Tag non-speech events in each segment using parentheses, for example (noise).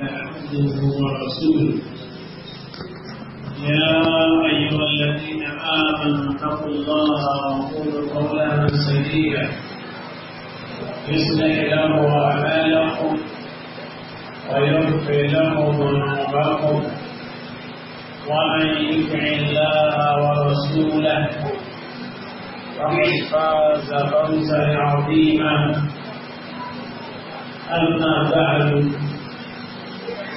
عبده ورسوله يا أيها الذين آمنوا اتقوا الله وقولوا قولا سديدا يصلح له أعمالكم ويغفر لكم ذنوبكم ومن يطع الله ورسوله فقد فاز فوزا عظيما أما بعد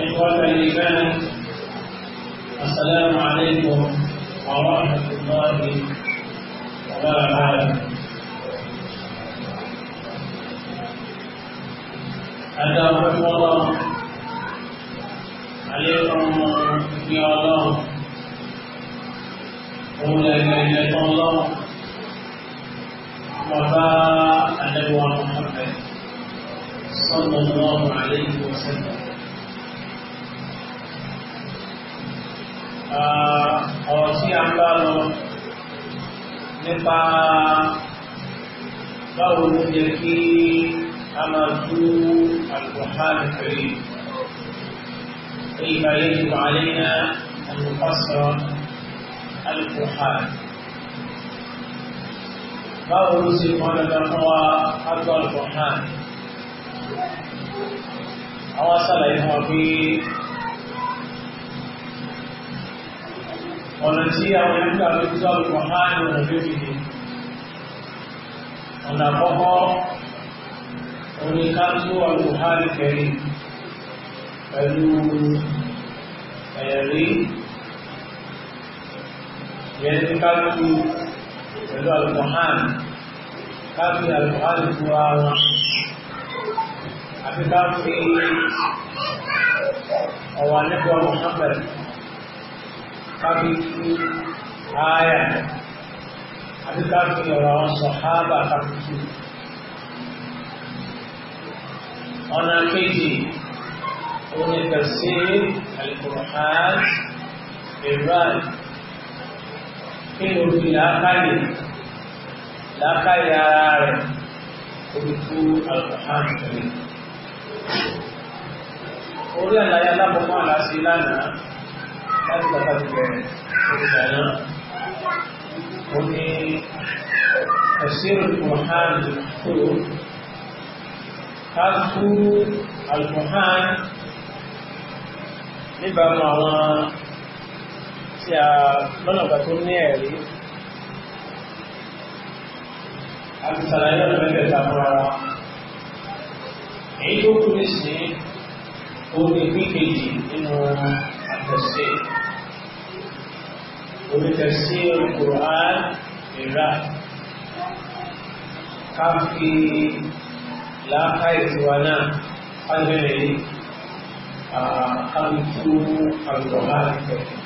إخوة الإيمان السلام عليكم ورحمة الله وبركاته هذا رحمة الله عليكم يا الله قول لا إله إلا الله وفاء النبي محمد صلى الله عليه وسلم Ah, ọ̀rọ̀ tí a ń bá lọ nípa báwo ló jẹ́ kí a máa tú Al-Qur'an Al-Karim كيف يجب علينا أن نفسر القرآن báwo ló ṣe kọ́ lọ́dọ̀ fún wa ágbọ́ Al-Qur'an àwọn sàlàyé wọn pé ọ̀nà tí àwọn ẹgbẹ́ àlójútó alùpàáyé ọ̀nà méjì ni ọ̀nà àkọ́kọ́ oní káńtó alùpàáyé kẹrì pẹ̀lú ẹ̀rí yẹn ní káńtó pẹ̀lú alùpàáyé káfí alùpàáyé tó ara àti káfí ọ̀wà nípa Muhammad kábí fi ààyà àti káfí ọ̀rọ̀ àwọn sọ̀hábà keji, fi. ọ̀nà kejì òun ni tẹ̀sí alukur'an iran kí ló fi làákàyè làákàyè ara rẹ̀ orí fún alukur'an tẹ̀lé. orí àlàyé láti bàtà ti bẹ̀rẹ̀ ìgbà náà ó ní ẹ̀sìn ìkùnhán tó ká tú àlùkùnhán níbàámu àwọn tí a lọ́nà ọ̀gá tó ní ẹ̀rí àti sàlàyé التفسير وبتفسير القرآن لله كافي لا خير ولا قدري خلف القرآن الكريم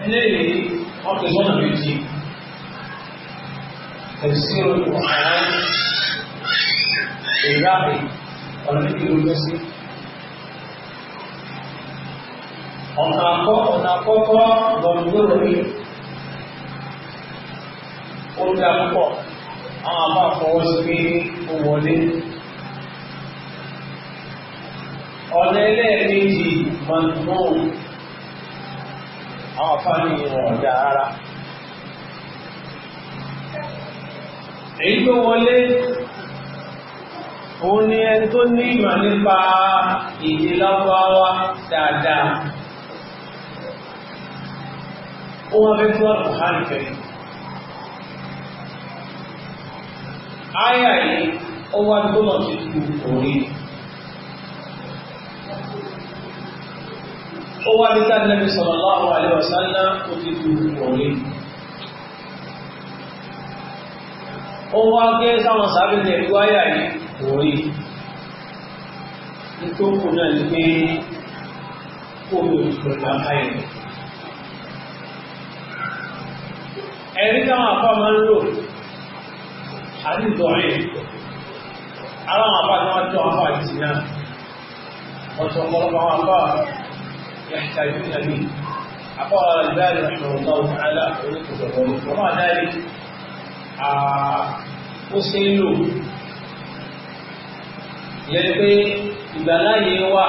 إليه وقت زمن بيجي تفسير القرآن لله ولكن يقول ọ̀nà àkọ́kọ́ lọ́dúnlórí ó dá púpọ̀ àwọn àbá fọwọ́ sí pé ó wọlé ọ̀nà ẹlẹ́ẹ̀kejì mọ̀nùmọ́ọ̀n àwọn afáàní ọ̀dà ara èyí tó wọlé òun ni ẹni tó ní ìmọ̀ nípa èdè lábáwá dáadáa ó wọ́n fẹ́ fún àlùkùránì kẹrin àyà yìí ó wá gbọ́dọ̀ ti tu òní ó wá ní ká sallallahu alaihi wasallam ó ti tu òní ó wá gé sáwọn sábẹ́lẹ̀ ìlú àyà yìí òní nítorí kò náà ní pé kó o lè tó ìgbà ayẹyẹ. ẹ̀rí táwọn àpá máa ń lò àti ìtọ̀rin àwọn àpá tí wọ́n tó àpá àti náà wọ́n tó ọmọlọpọ̀ àwọn àpá yàtàjú nàbí àpá ọ̀rọ̀ ìdáàrí ọ̀rọ̀ ọ̀tàlá orítòtòrò wọ́n máa dáàrí ó ṣe ń lò ìyẹn pé ìgbàláyé wà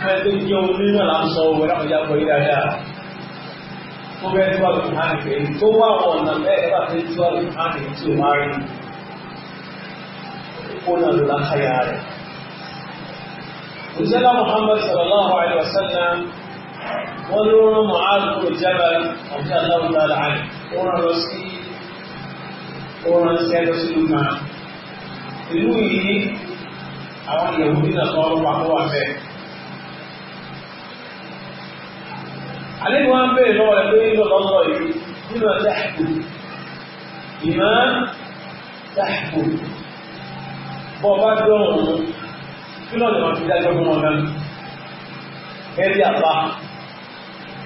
fẹ́ tó jẹ́ onímọ̀ láńsọ owó lápẹjá pọ̀ yí dáadáa tó bẹ́ẹ̀ tó àlùkò hàn pé tó wà ọ̀nà bẹ́ẹ̀ bá ti tó àlùkò hàn pé tí o máa rí kó náà ló lákàyà rẹ̀. Òṣèlú Muhammad sallallahu alayhi wa sallam wọ́n ló rán Mu'adh bin Jabal ọ̀jọ́ aláwọ̀ dáadáa Ó rán lọ sí ó rán sí ẹjọ́ sí kan. Ìlú yìí àwọn ìyẹ̀wò nígbà tó ń pa kó wà bẹ́ẹ̀. àlejò wọn bèèrè lọ́wọ́ rẹ̀ pé nílò lọ́sọ̀ yìí nílò dáàbò ìmọ̀ dáàbò bọ́ bá dọ̀rùn mú kí lọ́nà wọn fi dájọ́ fún wọn náà ẹ̀rí àpá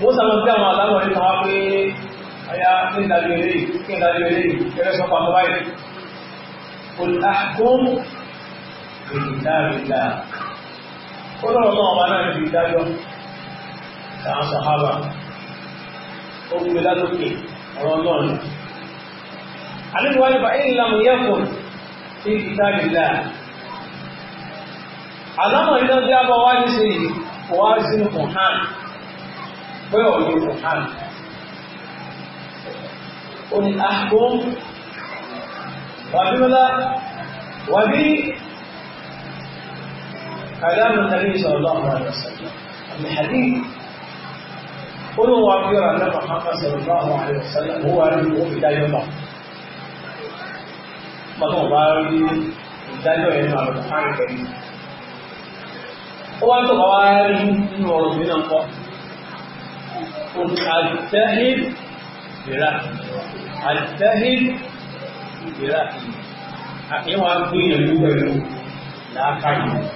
wọ́n sábà bí àwọn aláwọ̀ nípa wá pé aya kí n dájú eléyìí kí n dájú eléyìí kẹrẹ́ sọ pàmò báyìí kul ahkum bi kitabillah ó lọ́wọ́ náà wà náà ní ìdájọ́ àtàwọn sàhábà ó gbé lálókè ọ̀rọ̀ ọlọ́run àlejò wáyé bá ìlà mú yẹ́kùn sí ìtàgìlá àlámọ̀ iná bí abọ́ wá ní ṣe yìí kò wá sínú kùnhán pé ọ̀dọ̀ kùnhán ó ní àgbọn ah, wàbíọ́lá wàbí kàlámù tàbí sallallahu olóhùn abíọ́ra náà Muhammad sallallahu alaihi wasallam ó wà ní òfin dájọ́ náà bàbá wọn bá rí ìdájọ́ yẹn náà lọ́dọ̀ fáwọn kẹ́lí ó wá tó bá wá rí nínú ọ̀rọ̀ mi náà kọ́ àtẹ́hìn ìrà àtẹ́hìn ìrà àkíwá gbìyànjú pẹ̀lú làákàyè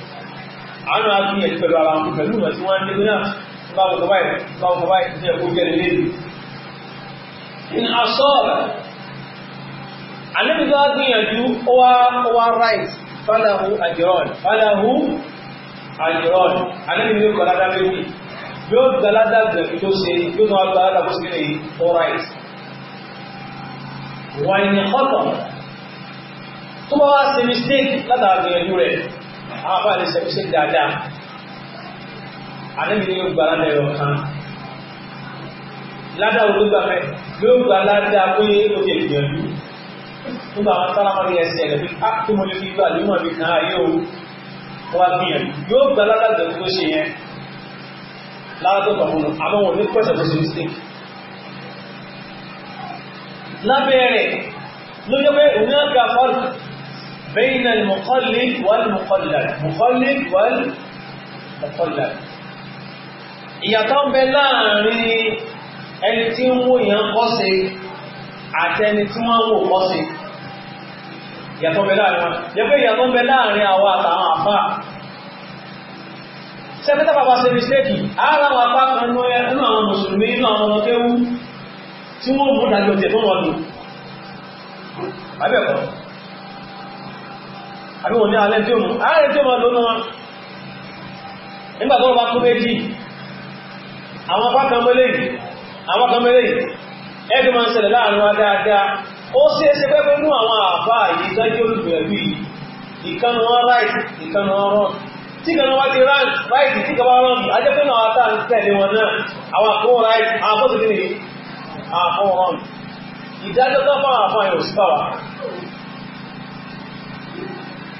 àwọn náà tún yẹ̀jú pẹ̀lú ara wọn pẹ̀lú ìwọ̀n tí wọ́n ń dégbé náà báwo kọ báyìí báwo kọ báyìí tí ẹkú jẹ́ lélẹ́ in asọ́ọ̀rẹ̀ alẹ́bí tó wá gbìyànjú ó wá right falahu ajran falahu ajran alẹ́bí tó kọ̀ ládá méjì yóò gba ládá gbẹ̀fì tó ṣe yóò tó gba ládá bó ṣe lè ó right wà ní ọ̀tọ̀ tó bá wá ṣe mistake látàgbìyànjú rẹ̀ àwọn afá lè sẹ́kù dáadáa àníbi ni yóò gba aládàá ẹ̀rọ kan ládàá wo ló gbà fẹ́ yóò gba aládàá pé ó fi ìgbìyànjú nígbà àwọn sálámà ní ẹsẹ̀ rẹ̀ pé á tó mo lè fi gbà lómọ̀ mi kan ayé o wá gbìyànjú yóò gba aládàá tó tó ṣe yẹn ládàá tó kàn àwọn wọn ní pẹ̀sẹ̀ tó ṣe mistake lábẹ́ rẹ̀ ló pé òun náà ga fọ́ọ̀lù بين المقلد والمقلد مقلد والمقلد ìyàtọ̀ ń bẹ láàrin ẹni tí ń wò yàn kọ́sẹ̀ àti ẹni tí wọ́n wò kọ́sẹ̀ ìyàtọ̀ ń bẹ láàrin wọn yẹ pé ìyàtọ̀ ń bẹ láàrin àwọn àtàwọn àfà sẹ́kẹ́tà bàbá ṣe mistake ara wà bá kan nínú àwọn mùsùlùmí nínú àwọn ọmọ kéwú tí wọ́n mú dájọ́ tẹ̀ fún wọn lò àbí wọ́n ní alẹ́ tí ó mú ààrẹ tí ó mọ́ lónú wọn nígbà tó bá kó méjì àwọn apákanmọ́lé àwọn apákanmọ́lé ẹgbẹ́ máa ń ṣẹlẹ̀ láàrin wa dáadáa ó sì ẹsẹ̀ pẹ́pẹ́ nú àwọn àbá yìí tọ́jú olùgbẹ̀rú yìí ìkànnì wọn ráìtì ìkànnì wọn rọ̀ tí kan wá ti ráìtì tí kan wá rọ̀ ajẹ́ pé náà tá à ń tẹ̀lé wọn náà àwọn àkóhùn ráìtì àwọn àkóhùn ráìtì àwọn àkóhùn rọ̀ ìdájọ́ tó fáwọn àfáà yóò sí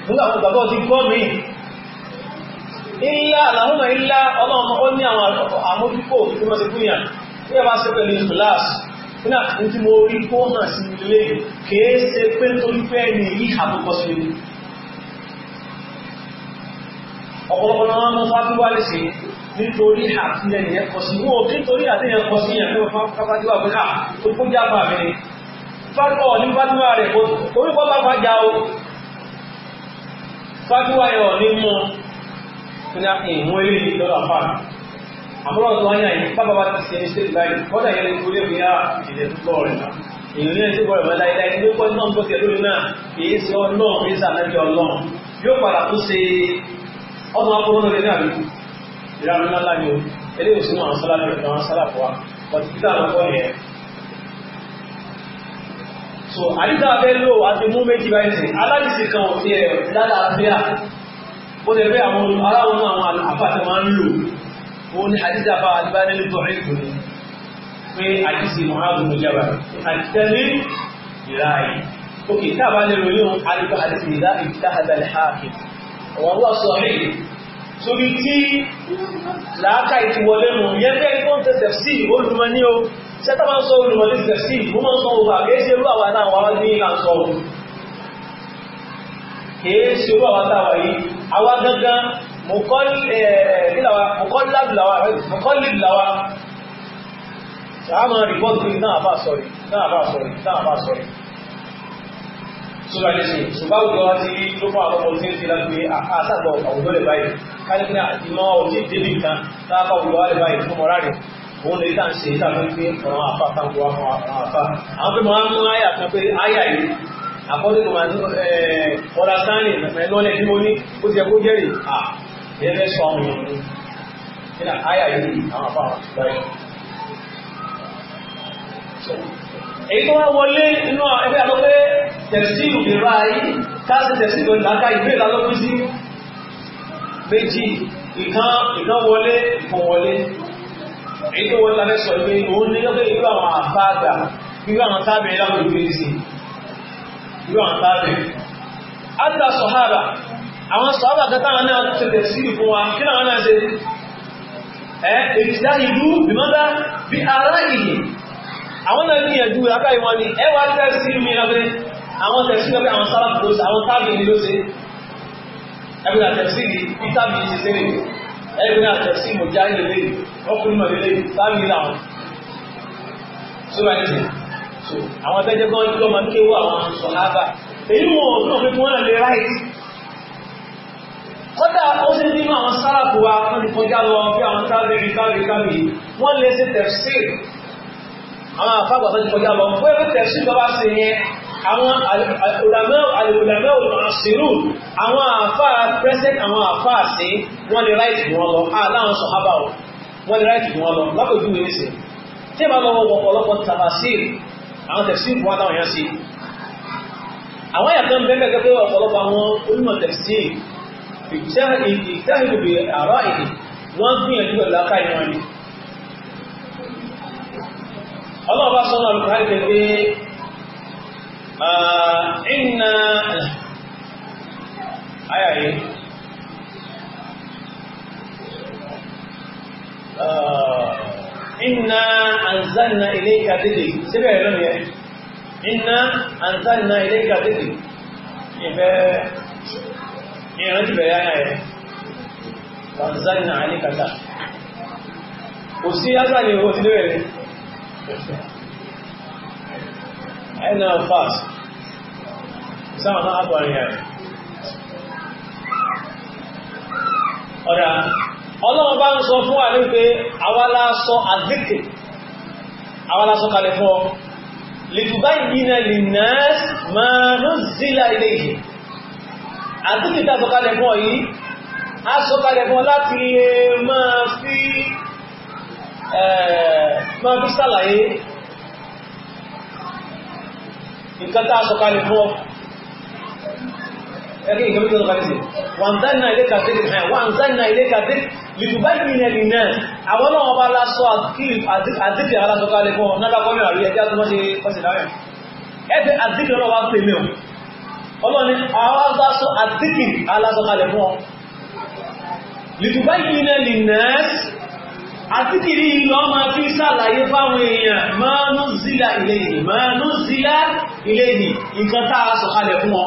nígbà àwọn ìgbàgbọ́ ti gbọ́ mi ilá àlàmúmọ̀ ilá ọlọ́mọ ó ní àwọn àmójúkò tí wọ́n ti fún yà tí ẹ bá ṣe pẹ̀lú ìsùláàs nígbà tí mo rí kó hàn sí ilé kìí pé torí fẹ́ ní yí àkókò sí ni ọ̀pọ̀lọpọ̀ náà mú fábíwá lè ṣe nítorí àtìlẹ̀ yẹn sí fájúwá ẹ̀ ọ̀ ní mọ́ ní ìmú ilé yìí lọ́dọ̀ àfà àmúrò tó wáyà yìí bábá bá ti ṣe ní state báyìí kọ́dà yẹn ní orí ah, ìwé ìdílé púpọ̀ rẹ̀ náà èyí ní ẹ̀sìn bọ̀rọ̀ mẹ́ta ìdá ìdílé pọ̀ náà ń bọ̀ sí ẹ̀lórí náà èyí sí ọlọ́run èyí sí ànábì ọlọ́run yóò padà tó ṣe ọmọ akọ́kọ́ lórí náà rí ìrànlọ́lá ni o eléyìí sí wọn sálà so àdìsá abẹ́ lò àti mú méjì báyìí sí aláìsí kan ò tiẹ̀ lálàáfíà ó lè rí àwọn aláwọn àwọn àfàtà máa ń lò wọn ni àdìsá bá àdìbá nílùú tó rí ìtòní pé àdìsí mọ̀hádùn ló jábà àtẹ́lẹ́ ìráyè ok tá a bá lè ròyìn àdìbá àdìsí ìdá ìdá àdàlẹ̀ háàkì ọ̀wọ́n wọ́n sọ rí torí tí làákà ìtiwọlé nù yẹn bẹ́ẹ̀ tó ń tẹ̀sẹ̀ sí olùmọ̀ ní o sẹ́tà máa ń sọ olùmọ̀lẹ́ ìsẹ̀sí mo máa ń sọ ògbà kìí ṣe irú àwọn àtàwọn àwọn ní ìlà sọ òun kìí ṣe irú àwọn àtàwọn yìí àwa gangan mọ̀kọ́lẹ́bìláwa sàmà rìpọ́tù náà bá sọ̀rì náà bá sọ̀rì náà bá sọ̀rì sọ́rọ̀ ẹ̀ṣẹ̀ ṣùgbọ́n wọ́n ti rí tó fún àwọn ọmọ tí ń fi lágbé àṣàgbọ̀ àwùjọ rẹ̀ báyìí òun lè dá ń ṣe ìdájọ́ pé àwọn àfa kan wà fún àwọn àfa àwọn tó máa ń mú àyà kan pé àyà yìí àkọ́dún máa ń ọ̀rá sáàlì lọ́lẹ̀ tí mo ní ó ti ẹkó jẹ́rì à ẹ̀rẹ́ sọ àwọn èèyàn ní nígbà àyà yìí àwọn àfa àwọn àtúgbà yìí. èyí tó wá wọlé inú ẹgbẹ́ àlọ́ pé tẹ̀sílù lè ra ayé káàsì tẹ̀sílù láká ìgbé ìlànà èyí tó wọ́n tàbí sọ pé òun ní lọ́pẹ́ irú àwọn àbáàgbà irú àwọn tábẹ̀ láwọn ìlú èsì irú àwọn tábẹ̀ àgbà sọ̀hábà àwọn sọ̀hábà kẹta àwọn náà ti tẹ̀ sí ìfún wa kí náà náà ṣe ẹ ètìdá ìlú bìmọ́dá bí ara ìyè àwọn náà gbìyànjú lápá ìwọ̀n ni ẹ wá tẹ́ sí mi lọ́pẹ́ àwọn tẹ̀ sí lọ́pẹ́ àwọn sábà kúrò sí àwọn tábẹ̀ ìlú ṣe ẹgbẹ́ ẹgbẹ́ náà tẹ̀sí mọ̀já ilé yìí ọkùnrin mọ̀ lélẹ́yìn sáàmì làwọn sóbáyìí so àwọn abẹ́jẹ́ kan ló máa ń kéwọ́ àwọn sọ̀hábà èyí wọn ò náà fífún wọn lè ráì kọ́dà ó sì nínú àwọn sáràpù wa wọ́n lè kọjá lọ bí àwọn tábìlì tábìlì tábìlì wọ́n lè ṣe tẹ̀sí àwọn àfàgbà tó ti kọjá lọ fún ẹgbẹ́ tẹ̀sí bàbá ṣe yẹn àwọn alìwòlàmẹ́ òmàṣírù àwọn àfáà present àwọn àfáà sí wọ́n lè ráìtì wọn lọ aláwọn sọ̀hábà wọ́n lè ráìtì wọn lọ lápòjú wẹ́sẹ̀ tí bá lọ́wọ́ ọ̀pọ̀lọpọ̀ tàbásíl àwọn tẹ̀síl fún àtàwọn yẹn sí àwọn yàtọ̀ ń bẹ́ẹ̀ gẹ́gẹ́ ọ̀pọ̀lọpọ̀ àwọn onímọ̀ tẹ̀síl ìtẹ́hìlú bí àrọ́ ìdí wọ́n gbìyànjú pẹ̀lú aká ìwọ̀n ni ọlọ́ọ̀bá sọ́nà olùkárí pé inna ayayi inna anzalna ilayka dhikra síbẹ̀ ẹ̀rọ ni ẹ eh? inna anzalna ilayka dhikra ìfẹ́ ìrántí bẹ̀rẹ̀ ayayi anzalna alayka dhikra kò sí ásàlẹ̀ owó sílẹ̀ rẹ̀ ẹ̀nà fast sáwọn náà bọ̀ rìn àrìn ọ̀dá ọlọ́run bá ń sọ fún wa ní pé àwálá sọ àdíkè àwálá sọ kalẹ̀ fún ọ lìtùbá ìbínà lè náà máa ń zílà ilé ìhè àdíkè tá sọ kalẹ̀ fún yìí a sọ kalẹ̀ fún ọ láti lè máa fi eh, máa fi sàlàyé nǹkan tá a sọ kalẹ̀ fún ẹgbẹ́ ìgbẹ́ ìgbẹ́ ìgbẹ́ wàǹdánà ilé kàdíkì hàn wàǹdánà ilé kàdíkì lìdùbá ìrìnà ìrìnà àwọn náà ọba lásọ àdíkì aláṣọ kalẹ̀ fún ọ̀nà lákọ́mí àrí ẹjá tó mọ́ṣe kọ́sìláyà ẹgbẹ́ àdíkì ọlọ́wà pè mí ọlọ́ni àwọn lásọ àdíkì aláṣọ kalẹ̀ fún ọ lìdùbá ìrìnà ìrìnà àdíkì rí ilọ́ máa fi sàlàyé fáwọn èèyàn máa nú zílà ilé yìí máa nú zílà ilé yìí nǹkan tá a sọ̀kalẹ̀ fún ọ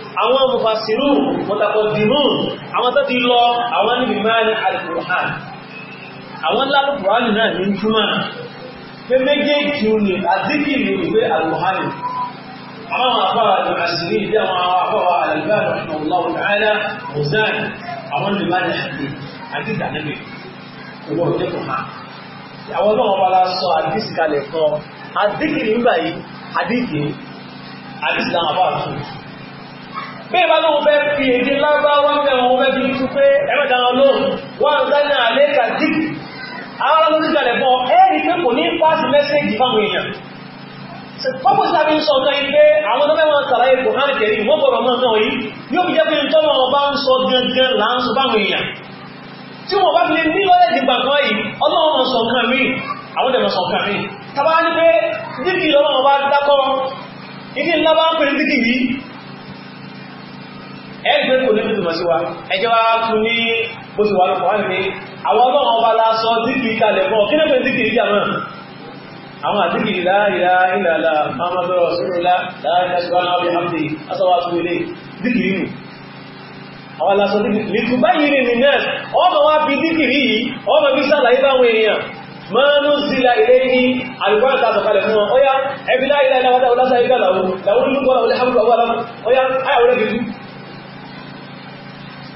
àwọn mufasiru mọ̀tàkọ̀dìmù àwọn tó ti lọ àwọn níbi máa ní alìkùrán àwọn lálùkùránì náà ní túnmà pé méjèèjì ní àdíkì ní ìwé alìkùránì àwọn afọ́wà alìkùránì bí àwọn afọ́wà alìkùránì àdíkì ní ìgbà yìí àdíkì àdíkì láwọn afọ́wà bẹ́ẹ̀ bá lóun fẹ́ fi èdè lágbáwá mẹ́wọ̀n wọ́n fẹ́ fi tú pé ẹ̀mẹ́ta lọ́lọ́run wọ́n dáná àlẹ́kà dìk àwọn ọlọ́run ti jalè fún ọ ẹ́ẹ̀rí pé kò ní pàṣẹ mẹ́sẹ̀gì fáwọn èèyàn pọ́pọ̀ sí àfi ń sọ ọ̀gá ilé àwọn tó mẹ́wàá sàlàyé kò hàn kẹrì wọ́n bọ̀rọ̀ mọ́ náà yìí yóò fi jẹ́ pé ìtọ́nà ọba ń sọ gangan là ń sọ báwọn èèyàn tí wọ́n bá fi lè ní lọ́lẹ̀ ìgbà kan yìí ọlọ́run mọ̀ sọ̀kan mí àwọn dẹ̀mọ̀ sọ̀kan mí tàbá ní pé díkì ọlọ́run bá dákọ́ ìdí ńlá bá ń pè ní yìí ẹgbẹ́ kò ní tuntun sí wa ẹjẹ́ wá fún ní bó ti wà lọ́pọ̀ wá ní àwọn ọlọ́run ọba lásọ díkìrì kalẹ̀ fún ọkí lẹ́gbẹ̀ẹ́ díkìrì jà náà àwọn àdíkìrì láàrínlá ìlàlá mahamadu rasulullah láàrínlá ṣùgbọ́n àwọn ọmọdé asọ́wà fún ilé díkìrì nù àwọn lásọ díkìrì lìtù báyìí rìn ní nẹ́ẹ̀sì ọmọ wá fi díkìrì yìí ọmọ bí sàlàyé báwọn èèyàn mọ́nú sílá ilé ní alùpàá tàbàkalẹ̀ fún wọn ọya ẹbí láìláìláwọ́dá ọlásà ìgbàlàwó làwọn olùkọ́ àwọn olùhàmùlọ́wọ́ ọya ayàwó rẹ̀ gẹ̀ẹ́gẹ́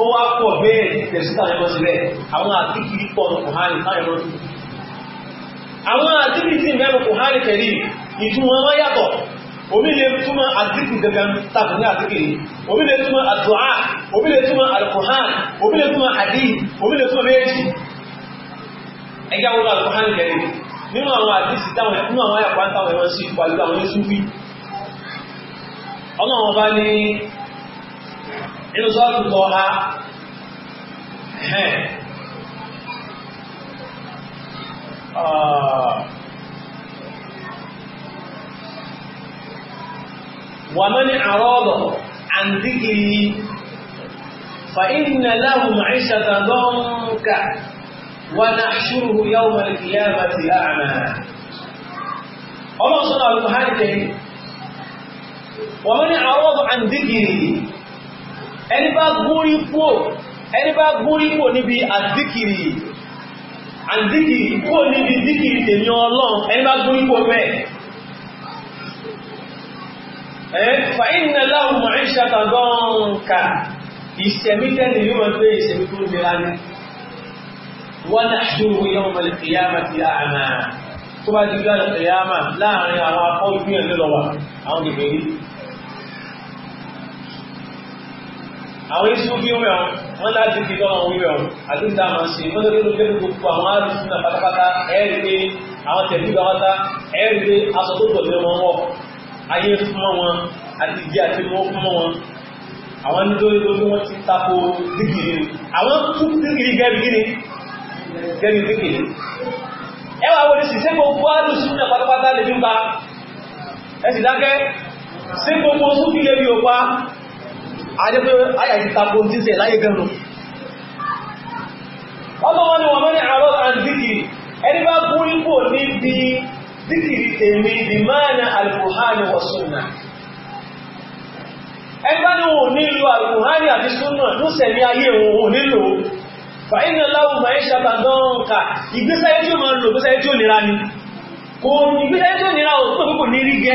ó wá pọ̀ bẹ́ẹ̀ tẹ̀síta ẹ̀mọ́ sílẹ̀ àwọn àtíkìrí pọ̀ kòhánì táyẹ̀mọ́ sí àwọn àtíkìrí sí mẹ́rù kòhánì tẹ̀lé ìtumọ̀ wọn yàtọ̀ omi lè túmọ̀ àtíkìrí gẹ́gẹ́ tàbí ní àtíkìrí omi lè túmọ̀ àdúà omi lè túmọ̀ alkùhán omi lè àdí omi lè méjì ẹgbẹ́ àwọn tẹ̀lé nínú àwọn táwọn àwọn انزال الضحى هي ومن اعراض عن ذكري فان له معيشه ضنكا ونحشره يوم القيامه اعمى الله سبحانه وتعالى ومن اعرض عن ذكري ẹni bá gúrí kúò ẹni bá gúrí kúò níbi àdíkìrì àdíkìrì kúò níbi díkìrì tèmi ọlọ́run ẹni bá gúrí kúò bẹ́ẹ̀ fàínà láwọn mọ̀rin ṣàtàgọ́nkà ìṣẹ̀mí tẹ́lẹ̀ yóò mọ̀ pé ìṣẹ̀mí tó ń jẹra ní wọ́n náà ṣúrù yóò ti àmà tó bá ti gbá lè kìyàmà láàrin àwọn akọ́ ìgbìyànjú lọ́wọ́ àwọn àwọn isu fi wẹ̀ wọn wọn láti fi lọ́wọ́ wíwẹ̀ wọn àdúgbò tá a máa ṣe wọn lórí lórí gbogbo àwọn arúgbó náà pátápátá ẹ̀rí pé àwọn tẹ̀lé gbàgbọ́ta ẹ̀rí pé aṣọ tó gbọ̀dọ̀ wọn wọ̀ ayé fún wọn àti ìdí àti mọ́ fún wọn àwọn nítorí lórí wọn ti tako dígìrì àwọn tún dígìrì gẹ́bí gíní gẹ́bí dígìrì ẹwà wọlé sí sí gbogbo alùsùn náà pátápátá lè fi pa ẹ sì dákẹ́ sí gbogbo sókè lè fi òpa ajẹ́ pé ayà ti tí ṣe láyé gẹ̀rọ ọlọ́wọ́ ni wọ́n mẹ́rin àrọ́ àdìkì ẹni bá kú ipò dị dìkìrì tèmi di máàna alùkùnhánì wọ̀ súnà ẹni bá ní wọn nílò àti súnà ló sẹ̀mí ayé wọn ò nílò fàínà láwù máa ń ka ìgbésẹ̀ tí ó máa lò gbésẹ̀ tí ó nira ni kò ìgbésẹ̀ tí ó nira ò pẹ̀lú kò ní rí gẹ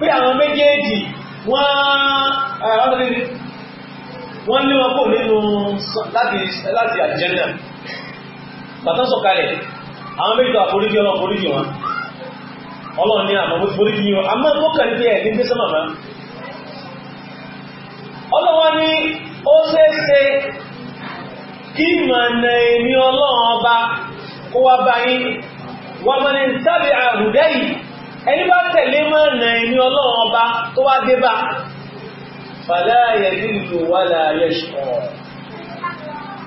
pé àwọn méjèèjì wọ́n eh, ní wọn kò nínú láti àjẹ́nà bàtán sọ̀kalẹ̀ àwọn méjì tó àforíjì ọlọ́ foríjì wọn ọlọ́run ní àmọ́ foríjì yíò a máa mọ́kà ní ẹ̀ ní gbésẹ́ màmá ọlọ́wọ́ ní ó ṣeéṣe kí mànà èmi ọlọ́run ọba kó wá báyìí wọ́n mọ́ ní tábí àrùdẹ́yìí ẹni bá tẹ̀lé mọ́ ọ̀nà ẹni ọlọ́run ọba tó wá dé bá fàlẹ́ àyẹ̀lú ìlú wà láàyè ṣùkọ́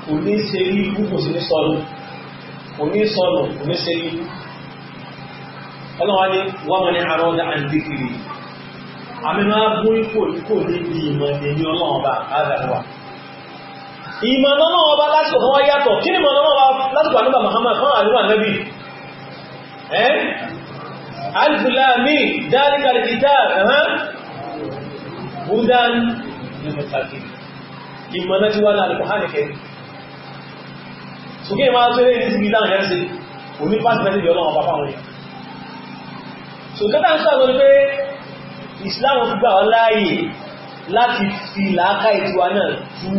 kò ní ṣe rí ikú kò sí ní sọnù kò ní sọnù kò ní ṣe rí ikú ọlọ́run ni wọ́n mọ̀ ní àrùn ọ̀dà àǹdíkiri àmì máa bú ipò kò ní di ìmọ̀ ẹni ọlọ́run ọba àdàlùwà ìmọ̀ ọlọ́run ọba lásìkò kan wá yàtọ̀ kí ni ìmọ̀ ọlọ́run ọba lásìkò àdúgbà Muhammad fún àdúgbà Nábì alif dari mim dhalika alkitab hudan lilmuttaqin ìmọ̀nà tí wà láàrín kẹrin sókè máa tó ini ní síbi láàrín ẹ̀sẹ̀ òní pàtàkì ìyọ́ náà pàpá wọn so kẹta ń sàgbọ́n pé Islam gbà ọ ini. láti sila làákà ìtura tu tú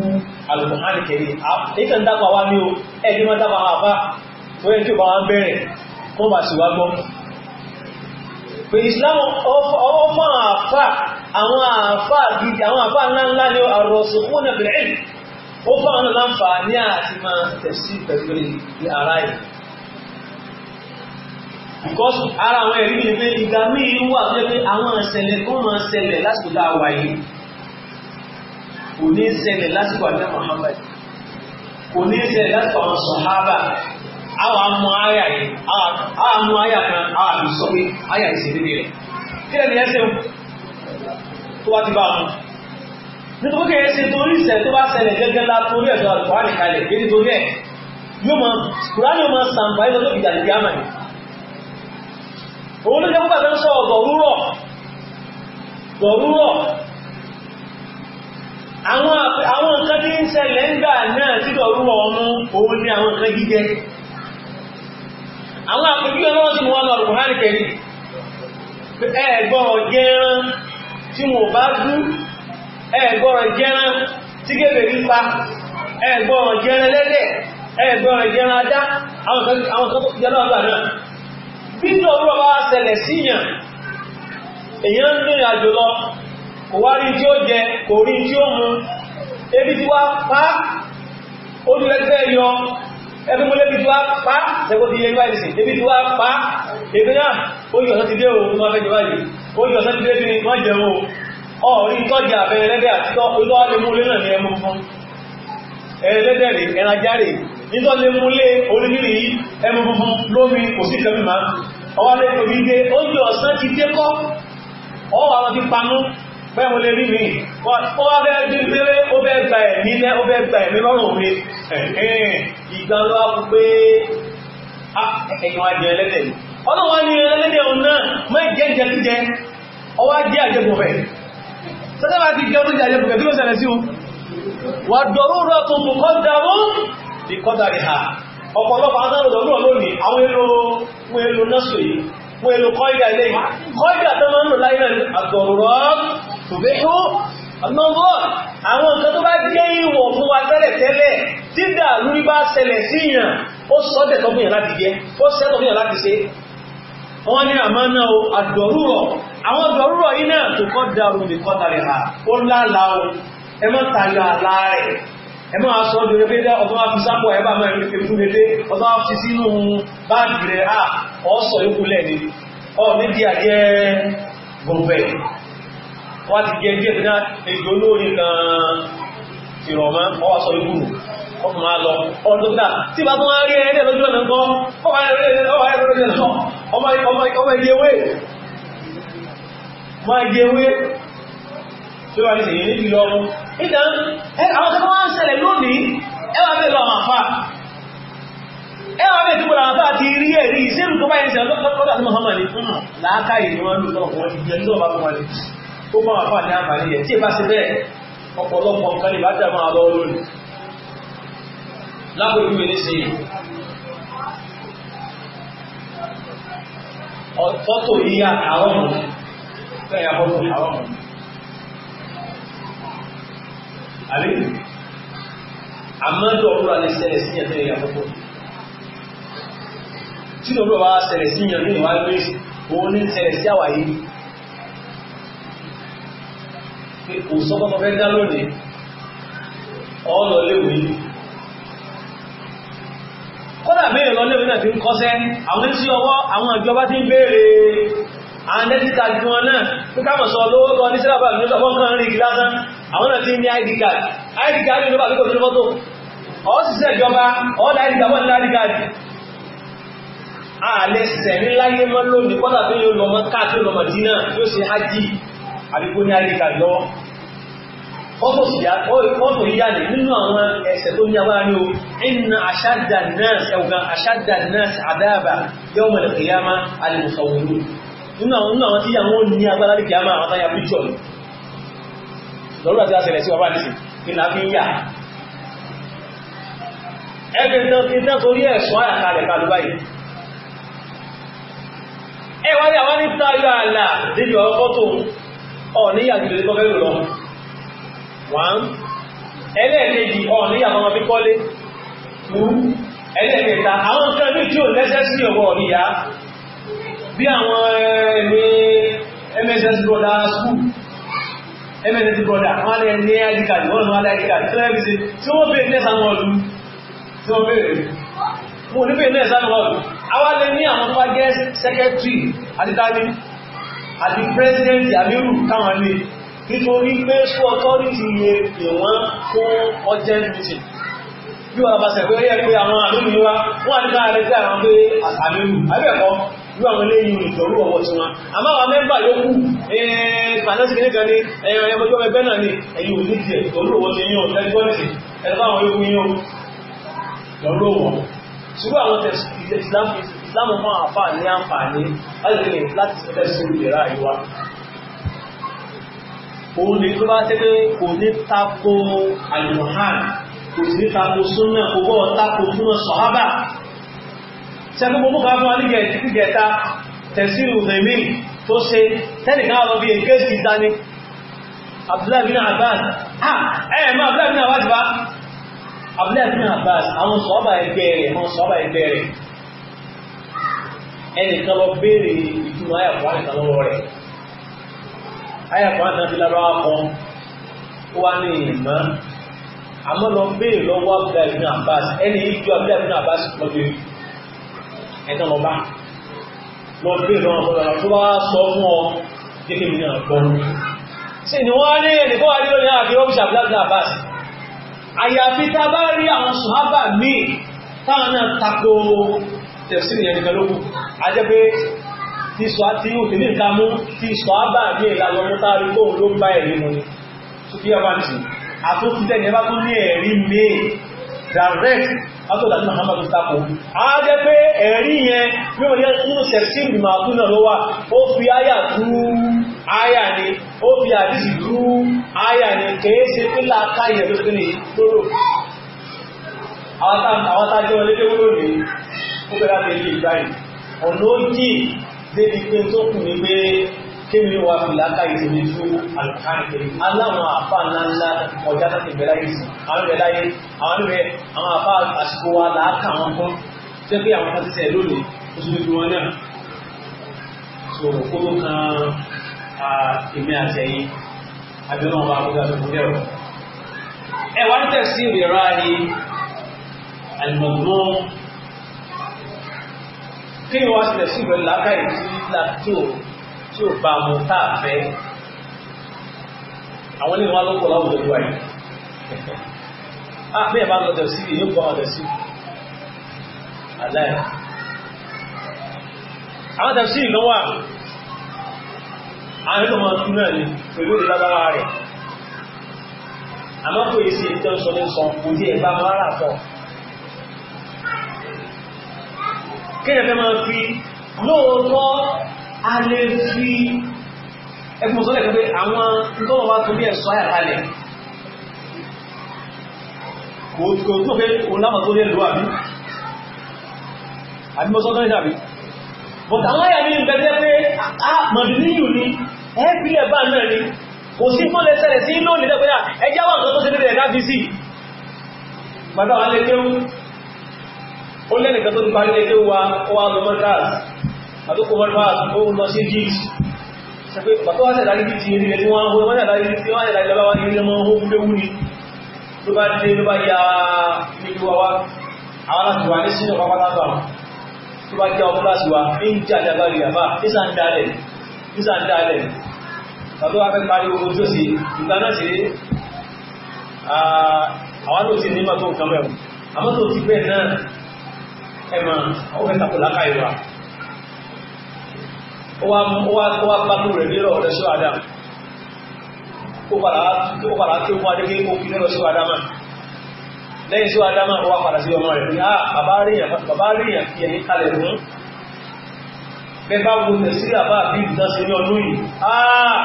alùmọ̀hánì kẹrin èyíkà ń dápa ni, ah, eh, o ẹgbẹ́ máa dápa wá bá tó yẹ kí ò bá wá pé islam ọmọ àfà àwọn àfà gidi àwọn àfà ńláńlá ni ar-rasikhuna fil ilm ó fún àwọn láǹfààní àti máa tẹ̀sí pẹ̀lú ní ara yìí because ara àwọn ẹ̀rí ni pé ìgbà míì wà pé pé àwọn ìṣẹ̀lẹ̀ kan máa ṣẹlẹ̀ lásìkò tá a wà yìí kò ní ṣẹlẹ̀ lásìkò àdá Muhammad kò ní ṣẹlẹ̀ lásìkò àwọn sọ̀hábà àwọn amú àyà yìí àwọn amú àyà kan àwọn àmì sọ pé àyà yìí ṣe níbi rẹ̀ kí ẹni ẹsẹ̀ tó wá ti bá wọn. nítorí kẹ́kẹ́ ṣe torí ìṣẹ̀ tó bá ṣẹlẹ̀ gẹ́gẹ́ lá torí ẹ̀sọ́ àlùkò àrùn kalẹ̀ èdè torí ẹ̀ yóò mọ kùránì yóò mọ sàǹfà yóò lóbi ìdàlẹ̀ bíi àmàlẹ̀. òun ló jẹ́ kó ń sọ ọ̀gọ̀rúrọ̀ gọ̀rúrọ̀ àwọn nǹkan tí ń ṣẹlẹ̀ ń náà sí gọ̀rúrọ̀ ọmú òun ni àwọn nǹkan jíjẹ àwọn àpèjúwe náà sì wọ́n lọ rùhán kẹrì ẹ̀gbọ́n jẹ́ran tí mo bá dú ẹ̀gbọ́n jẹ́ran tí gẹ́gẹ́ bí pa ẹ̀gbọ́n jẹ́ran lẹ́lẹ̀ ẹ̀gbọ́n jẹ́ran adá àwọn tó jẹ́ náà gbà náà bí ní ọ̀rọ̀ bá ṣẹlẹ̀ síyàn èèyàn ń rìn àjò lọ kò wá rí tí ó jẹ kò rí tí ó mu ebi tí wá pa ó ní ẹgbẹ́ yọ ẹbí mo lébi tí wá pa ṣẹ̀kọ́ ti yẹ ibá ìsìn lébi tí wá pa èdè náà ó yọ ọ̀sán ti dé òun máa fẹ́ jẹ báyìí ó yọ ọ̀sán ti dé bí wọ́n jẹ o ọ̀rí tọ́jà abẹ́rẹ́ lẹ́dẹ̀ àti tọ́ lé mú lé náà ní ẹmu fún ẹlẹ́dẹ̀ rè ẹranjá rè nítọ́ lé mú lé onílìrì yìí ẹmu funfun lómi kò sí ìkẹ́mì máa ọwọ́ lé omi dé ó bẹ́ẹ̀ mo lè rí mi ó wá bẹ́ẹ̀ bí pé ó bẹ́ẹ̀ gba ẹ̀mí lẹ́ ó bẹ́ẹ̀ gba ẹ̀mí lọ́rùn mi ìgbà ló wá pé ẹ̀yìn wa jẹ ẹlẹ́dẹ̀ ni ọlọ́wọ́ ni ẹlẹ́dẹ̀ òun náà má jẹ́ jẹ jíjẹ ọwá jẹ́ àjẹkùn rẹ̀ sọ́jọ́ bá ti jẹ́ ọdún jẹ́ àjẹkùn rẹ̀ kí ló ṣẹlẹ̀ sí o wà dọ̀rọ̀ rẹ̀ tó mú kọ́ darú ní kọ́ ha ọ̀pọ̀lọpọ̀ mú ẹlò kọ́ìdà ilé kọ́ìdà tó máa ń lò láyé náà àgbọ̀rọ̀ tòbíhú ọ̀nàbọ̀ àwọn nǹkan tó bá jẹ́ ìwọ̀ fún wa tẹ́lẹ̀ tẹ́lẹ̀ tí dàrú rí bá ṣẹlẹ̀ sí ìyàn ó sọ́dẹ̀ tó fìyàn láti jẹ́ ó sẹ́tọ̀ fìyàn láti ṣe wọ́n ní àmọ́ náà o àdọ̀rúrọ̀ àwọn ẹ máa sọ ọdún rẹ pé ọtọ́ wá fi sápò ẹ bá máa rí fi fún dédé ọtọ́ wá fi sínú báàgì rẹ à ọ̀sọ̀ yókù lẹ́ni ọ nídi àjẹ́ gọ̀ọ̀bẹ̀ wá ti jẹ díẹ̀ náà èdè olóorin kan ìrọ̀mọ́ ọwọ́ sọ yókù nù ọkùn máa lọ ọdún náà tí bá tún wá rí ẹ lójú ọ̀nà kan ọmọ ilé ewé máa jẹ ewé tí ó wà ní ìsẹ̀yẹ níbi lọ ìdán àwọn tó wá ń ṣẹlẹ̀ lónìí ẹwà bẹ́ẹ̀ lọ àwọn àfà ẹwà bẹ́ẹ̀ tí wọ́n àfà ti rí ẹ̀rí ìṣẹ́lù tó báyìí ṣẹlẹ̀ lọ́dà tó Muhammad ní fún hmm, làákàyè ni wọ́n lò lọ́wọ́ ìjẹ́ tó bá wọn ó mọ àfà ní àǹfààní yẹn tí ì bá ṣe bẹ́ẹ̀ ọ̀pọ̀lọpọ̀ nǹkan lè bá dà máa lọ lónìí lápòjú mi ní sí ọ̀tọ́tò yíya àwọn ọmọ fẹ́ àwọn ọmọ àbí àmọ́dọ̀ ọ̀rọ̀ alẹ́ ṣẹlẹ̀ sí ẹ̀tẹ́ ìyà púpọ̀ tí lọ́rọ̀ wá ṣẹlẹ̀ sí ìyàn nínú wáyé pé òun ní ṣẹlẹ̀ sí àwà yìí pé kò sọ́kọ́tọ́ fẹ́ dá lónìí ọ̀lọ́ léwu yìí kódà mí ìrọ̀ léwu náà fi ń kọ́sẹ́ àwọn tí ọwọ́ àwọn ìjọba ti ń béèrè àwọn ẹ̀dẹ́tìkà tí wọn náà pé káwọn sọ lówó kan ní sílábà ní ọjọ́ àwọn náà ti ní id card id card ní ọba àbíkò tó lọ́tò ọ́ sísẹ́ ìjọba ọ́ da id card wọ́n ní id card ààlẹ́ sẹ̀rí láyé mọ́ lónìí kọ́nà tó yóò lọ mọ́ káàkiri lọ Mádínà yóò ṣe hajj àbíkò ní id card lọ́wọ́ ọ̀tọ̀ ìyá lè nínú àwọn ẹ̀ṣẹ̀ tó ní agbára ní o inna ashadda an-nas ẹ̀wùgan ashadda an-nas adaba yawm al-qiyamah àwọn tí yàwó lọ́rọ̀ tí a ṣẹlẹ̀ sí ọba nìsí ìlà fi ń yà ẹgbẹ́ náà torí ẹ̀sùn àyàkalẹ̀ kalùbá yìí ẹ wá ní àwọn níta yọ àlà níbi ọ̀rọ̀ fọ́tò ọ̀níyà jùlọ ní kọfẹ́ lọ wọ́n ẹlẹ́ẹ̀kejì ọ̀níyà mọ́mọ́ fi kọ́lé tú ẹlẹ́ẹ̀kẹta àwọn nǹkan ní tí ò lẹ́sẹ̀ mss broda wọ́n lẹ́ ní id card wọ́n lọ́wọ́ id tí wọ́n fi tí wọ́n bèèrè ní ẹ̀sán wọ́ọ̀lù tí wọ́n bèèrè wọn ò ní ní ẹ̀sán wọ́ọ̀lù àwa lè ní àwọn tó bá jẹ́ secretary àti àti president àmírù káwọn lè nítorí pé school authority yẹ ìwọ̀n fún urgent meeting bí wọ́n bá sẹ̀ yẹ pé àwọn àlóyìn wọ́n á ní yóò àwọn eléyìí ìjọrú ọwọ́ tí wọn àmọ́ àwọn mẹ́mbà yókù ẹ̀ẹ́sì nìkan ní ẹ̀yọ̀mọjọ́ ẹgbẹ́ náà ni ẹ̀yìn òní tiẹ̀ ìjọrú ọwọ́ ti yíyan ẹgbọ́nsì ẹ̀fọ́ àwọn yókù yíyan ìjọrú ọwọ́ ṣùgbọ́n àwọn ìsìlámù máa fà ní àǹfààní láti tẹ̀sí ìlera ìwà òun ni tó bá tẹ́lẹ̀ kò ní tako àlùmọ̀hán kò sí tako súnà kò bọ́ tako súnà sọ̀hábà sẹ́gbogbo mú kan fún wa nígbẹ̀ ìtìkú gẹ̀ẹ́ta tẹ̀sílù rèmí tó ṣe tẹ́nìkan àwọn bí èké sí dání Abdullahi bin Abbas ẹ̀ẹ̀mọ́ Abdullahi bin Abbas bá Abdullahi bin Abbas àwọn sọ́ọ́bà ẹgbẹ́ rẹ̀ àwọn sọ́ọ́bà ẹgbẹ́ rẹ̀ ẹnìkan lọ béèrè ìtumọ̀ ayàpọ̀ àìsàn lọ́wọ́ rẹ̀ ayàpọ̀ àìsàn ti lábáwá kan ó wá ní ìmọ̀ àmọ́ lọ ẹni ìjọ Abdullahi bin Abbas ẹ̀tọ́ lọ bá lọ bí ìlọ́nà ọ̀pọ̀lọpọ̀ tó bá sọ fún ọ gẹ́gẹ́ mi náà gbọ́rú sí ni wọ́n ní ẹnìkọ́ wà nílò ní àbí ọ́fíṣà blabla bas àyàfi tá a bá rí àwọn sùhábà míì táwọn náà tako tẹ̀sí ìyẹn nìkan lókù a jẹ́ pé ti sọ àti òfin ní ìka mú ti sọ àbà ní ìlànà ọmọ tá a rí tóun ló ń bá ẹ̀rí mu ni tó fi ẹ̀ wá ní sí àtúntẹ̀ ní ẹ bá tún ní ẹ̀rí míì direct látọ̀dá ní Muhammad tako a jẹ́ pé ẹ̀rí yẹn mímọ̀ yẹ́ nínú september ìmọ̀ àtún na ló wà ó fi áyà tú áyà ni ó fi àdísì tú áyà ni kèé ṣe pé láàkáyè ló fi ní lóró àwọn tájọ́ lédè wúlò ní ó bẹ̀rẹ̀ àti ilé ìgbà yìí ọ̀nà ó jì débi pé tó kù ní pé kémi wa fi látàrí ti ní tú alùkárìkiri aláwọn àfà ńláńlá ọjà láti bẹ̀rẹ̀ yìí àwọn ìbẹ̀ láyé àwọn ìbẹ̀ àwọn àfà àsìkò wa làákà wọn kún tẹ́ pé àwọn kan tẹ̀ lónìí ó sì fi wọn náà so kó ló kan èmi àti ẹ̀yìn abẹ́rẹ́ wọn bá kó gbà tó kú lẹ́rọ. ẹ wá ń tẹ̀sí ìrírá ayé àlùmọ̀gbọ́n kí ni ti tẹ̀sí ìrírá látàrí tí tí ò bá mu tá a fẹ́ àwọn onímọ̀ alọ́pọ̀ láwùjọ (laughs) ah, ló wà yìí ah bẹ́ẹ̀ bá lọ tẹ̀ sí yóò bọ́ àwọn tẹ̀ sí aláìrà àwọn tẹ̀ sí ìlú wà àwọn ìlú máa tún náà ni pẹ̀lú ìlágbára rẹ̀ àmọ́ kò yìí sí ìtọ́ sọ ní sọ kò dé ẹ̀bá máa rà fọ́ kéèyàn fẹ́ máa fi lóòótọ́ a lè fi ẹgbùn sọ́lẹ̀ pé àwọn ìtọ́wọ̀ bá torí ẹ̀sọ́ àyàkalẹ̀ kò tó fẹ́ olámà tó lè lò àbí àbí mọ́ sọ́tọ́ ìdàbí bọ̀tà wọ́n yà ní ìgbẹ́gbẹ́ pé a mọ̀dí níyù ni ẹ́pìlẹ̀ bá náà ni kò sí fún lẹ́sẹ̀rẹ̀ sí inú òní lẹ́gbẹ́yà ẹjá wà nǹkan tó ṣe lẹ́rẹ̀ láti sí gbàdá alẹ́kẹ́wú ó lẹ́nìkan tó ti parí lẹ́kẹ́wú wa ó wá lọ mọ́tàs àdókò wọn wá tó ń lọ sí jíìs ṣàpé pàtó wá tẹ̀lá ní ti rí ẹni wọn wọ́n tẹ̀lá ní ti wọ́n tẹ̀lá ìjọba wọn ní ọmọ ohun léwu ni ló bá dé ló bá ya ilé wa wá àwọn láti wà ní sínú pápá lábà tó bá já ọkùnrin láti wà ní ń jà dàbà rí àbá nísà ń dalẹ̀ nísà ń dalẹ̀ pàtó wá fẹ́ parí ogun tó sì ìgbà náà sì àwọn tó wá pàtó rẹ̀ nílọ̀ ọ̀dọ̀ sí wàdà ó padà tí ó mú adéké ó fi nílọ̀ sí wàdà mà lẹ́yìn sí wàdà padà sí ọmọ rẹ̀ pé ah bàbá ríyàn bàbá ríyàn fi ẹ̀yìn kalẹ̀ fún bẹ́ẹ̀ bá wo tẹ̀sí àbá àbí ìdán sí ní ọdún yìí ah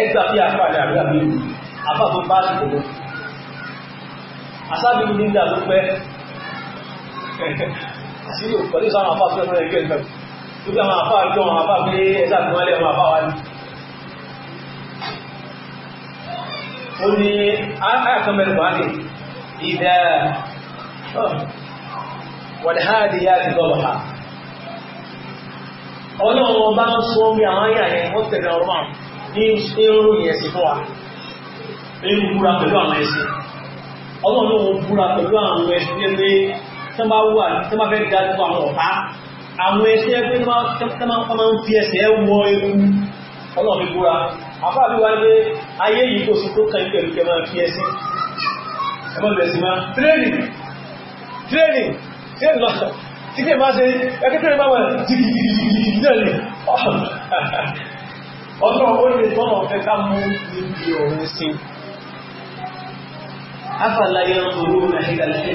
ẹgbà fi àpàdé àbí àbí àbá tó bá sì kòkó asábìrì nígbà tó pẹ́ sí yóò pẹ̀lú sáwọn àbá tó lórí àwọn àfá àjọ àwọn àfá pé ẹ̀sà tí wọ́n lẹ́ àwọn àfá wá ní ó ní àkàmẹ́lù bá ní ìdá wàdíháàdì yá ti gọ́lọ̀ ha ọlọ́run bá ń sọ bí àwọn ayà yẹn ó tẹ̀lé ọ̀rọ̀ ní irun yẹn sí fún wa èyí búra pẹ̀lú àwọn ẹ̀sìn ọlọ́run búra pẹ̀lú àwọn ẹ̀sìn pé tí wọ́n bá wà tí bá fẹ́ dájú àwọn ọ̀tá àwọn ẹsẹ́ pé máa ń fi ẹsẹ̀ wọ ewu ọlọ́run búra àfáàbí wá pé ayé yìí kò sí tó kàn pẹ̀lú kẹ máa fi ẹsẹ̀ ẹgbọ́nbẹ̀ sí máa training training training lọ́sọ̀ tí kí máa ṣe ẹkẹ́kẹ́rẹ́ máa ó lè tọ́nà fẹ́ ká mú níbi ọ̀run sí afàlàyé ọ̀run náà ṣe kàlẹ́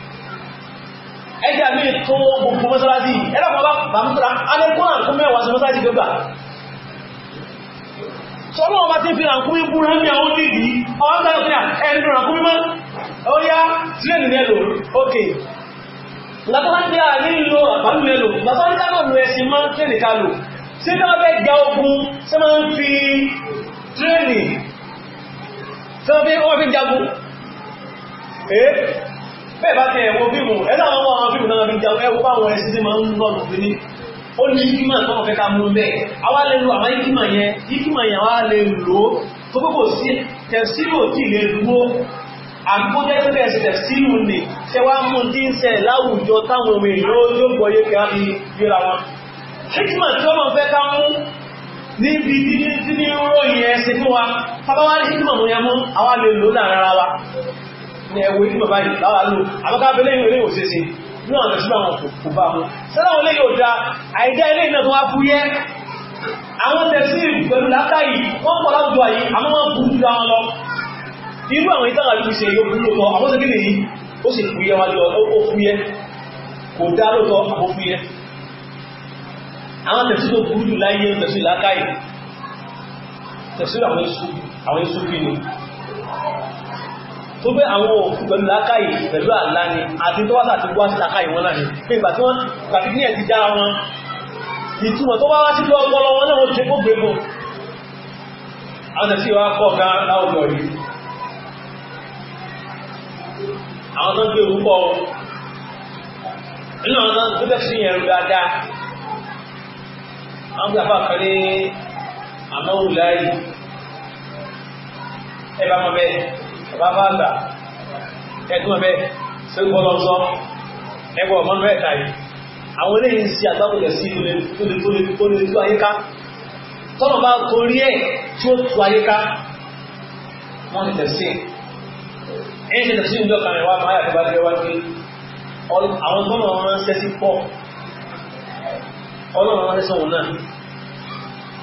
ẹgbẹ́ àmì tó gbogbo mọ́sálásí ẹlọ́pàá bá bàmútara alẹ́kùnrin àkún mẹ́wàá sí mọ́sálásí gbogbo sọ́nà ọba tí fi àkún ikú rán ní àwọn nídi ọwọ́ tàà fi ẹni àkún mímọ́ ó yá sílẹ̀nì mẹ́lò ókè látọ́lájá nílò àbálù mẹ́lò látọ́lájá náà lọ ẹ̀sìn máa ń tẹ́lẹ̀ kálò sí náà bẹ́ ga ogun sí máa ń fi tírẹ́nì tí wọ́n fi jagun bẹ́ẹ̀ bá tẹ ẹ̀wọ́ fíìmù ẹ̀lá àwọn àwọn fíìmù náà fi jẹun ẹwọ́ báwọn ẹ̀sí ma ń lọ́nà fi ní ó ní ìkímà tọ́wọ́ fẹ́ ká mú bẹ́ẹ̀ awá lè lo àwọn ìkímà yẹn ìkímà yẹn wá lè lò ó tó sí tẹ̀sílù lè dúró tó bẹ̀ẹ̀ tẹ̀sílù ni ṣe wá mú láwùjọ táwọn ní ẹwọ ìlú bàbá yìí láwà lò àmọ́ká abẹ́lé ìwé ìwò ṣe ṣe ní àwọn ìṣúná wọn kò bá wọn sẹ́lá wọn léyò da àìdá ilé ìnà tó wá fú yẹ́ àwọn tẹ̀sí pẹ̀lú látàrí wọ́n pọ̀ láwùjọ yìí àmọ́ wọn burú ju àwọn lọ irú àwọn ìtàgà ló ṣe yóò burú lọ àwọn sẹ́kì nìyí ó sì fú yẹ wájú ó fú yẹ kò dá lóòótọ́ àbó fú yẹ àwọn tẹ̀sí tó burú jù láyé tẹ̀sí látàrí tẹ̀sí àwọn èso àwọn èso kí ni tó pé àwọn òfin pẹ̀lú lákàyè pẹ̀lú àlá ni àti tó wáṣà ti wá sí lákàyè wọn náà ni pé ìgbà tí wọ́n gbàtí ní ẹ̀sì já wọn ìtumọ̀ tó bá wá sí ọpọlọ wọn náà wọ́n ṣe kó gbé mọ́ àwọn ẹ̀sì wá pọ̀ gan láwùjọ yìí àwọn tó ń gbé orúkọ nínú àwọn tó ń gbé sí ẹ̀rù dáadáa àwọn gbàgbà kan ní àmọ́wù láàyè ẹ bá mọ bẹ́ẹ̀ bàbá àgbà ẹ̀dùn ẹ̀bẹ́ sẹ́gbọ́lọ́sọ́ ẹgbọ́ ọmọnú ẹ̀ta yìí àwọn eléyìí sí àtàkùnlẹ̀ sí ìlú tó lè tó lè tó àyíká tọ́nà bá torí ẹ̀ tí ó tu àyíká wọ́n ti tẹ̀sí ẹ̀yìn ti tẹ̀sí ìjọ kan ẹ̀wà máa yàtọ̀ bá jẹ́ wá pé àwọn tọ́nà wọn ránṣẹ́ sí pọ̀ ọlọ́run ránṣẹ́ sọ̀hún náà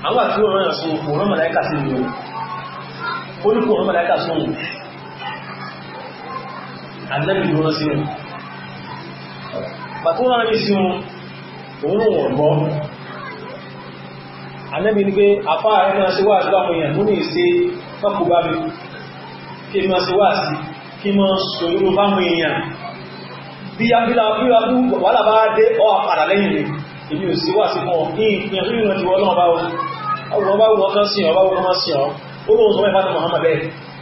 àwọn àti òun ránṣẹ́ sọ̀hún òun rán mọ̀láyíkà sí ìlú ó ní kò rán mọ̀láyíkà sọ̀hún ànábì ló rán sí wọn pàtó rán mi sí wọn òun wọ̀n gbọ́ ànábì ní pé afá rẹ̀ máa ṣe wá àti báwọn èèyàn tó ní ìṣe pápó bá mi kí máa ṣe wá sí kí máa sọ irú báwọn èèyàn bí abúlá abúlá wàhálà bá dé ọ àpàdà lẹ́yìn rẹ̀ èmi ò sí wà sí fún ọ Muhammad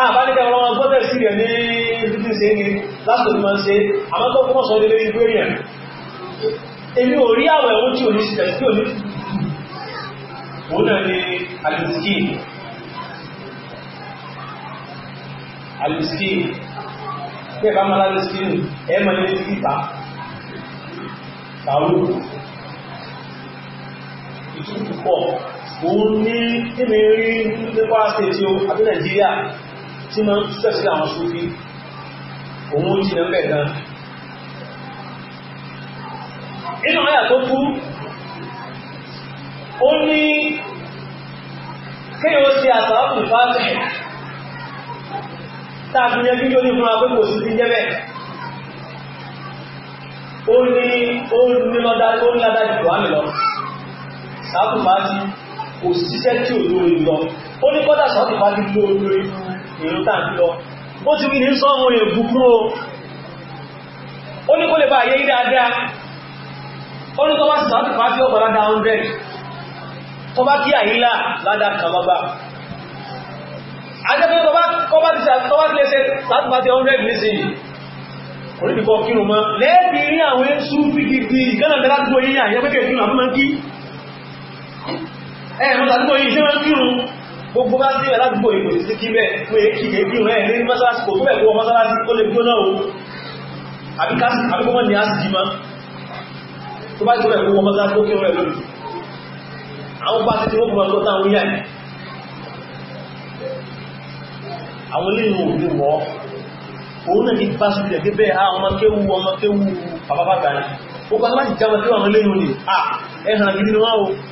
àbáníkà ah, ọlọ́wọ́ gbọ́dẹ̀ sí rẹ̀ ní ìdíjìn sí ní lásìkò tí wọ́n ṣe àmọ́tọ́ fún ọ̀sán ilé ìgbé rẹ̀ èmi ò rí àwọn ẹ̀wọ́n tí ò ní sílẹ̀ sí òní òun náà ni alìsíkì alìsíkì tí ẹ̀bá máa lálìsíkì ẹ̀ máa ní títà tàwọn ìtúkù pọ̀ òun ní kí mi rí nípa ṣe tí ó àbí Nàìjíríà tí wọ́n ń sẹ́sí àwọn sófí òun jí na mẹ́ta inú àyà tó kú ó ní kéyàn sí àtàwàkù fásitì tàbíyàn bí lórí fún agbẹ́kò sí jẹ́ bẹ́ẹ̀ ó ní ó ní lọ́dá tó ní lọ sáàkù fásitì kò síṣẹ́ tí ò lórí lọ ó ní kọ́dà sáàkù fásitì lórí lórí èrò tàbí lọ ó ti wí ní sọ́mù ìbùkún o ó ní kó lè bá ayé yí dáadáa ó ní tó bá sàtì pàtí ọ̀pọ̀ ládá 100 tó bá kí àyílá ládá kàmọ́gbà ajẹ́pẹ́ tó bá ti sàtì pàtí 100 nísìnyí kò ní kọ́ kírun mọ́ lẹ́ẹ̀bì rí àwọn èsù fìgìdì ìgbẹ́nà ládùúgbò yíyà yẹ́ pẹ́kẹ̀ẹ́ kírun àbúmọ́ kí ẹ̀ẹ̀mọ́ gbogbo bá dé aládùúgbò ìbò sí kí bẹ́ẹ̀ fún èkì èkì rẹ̀ ní mọ́sálásí kò fún ẹ̀kọ́ mọ́sálásí ó lè gbóná o àbí kọ́mọ́ ni a sì jímá tó bá jẹ́ ẹ̀kọ́ mọ́sálásí ó kí rẹ̀ lórí àwọn bá ti wọ́n mọ́ lọ́ta àwọn yáì àwọn olóyìn òbí wọ́ òun náà ní bá sùn jẹ́ bẹ́ẹ̀ a ọmọ kéwu ọmọ kéwu bàbá bàbá ni ó gbá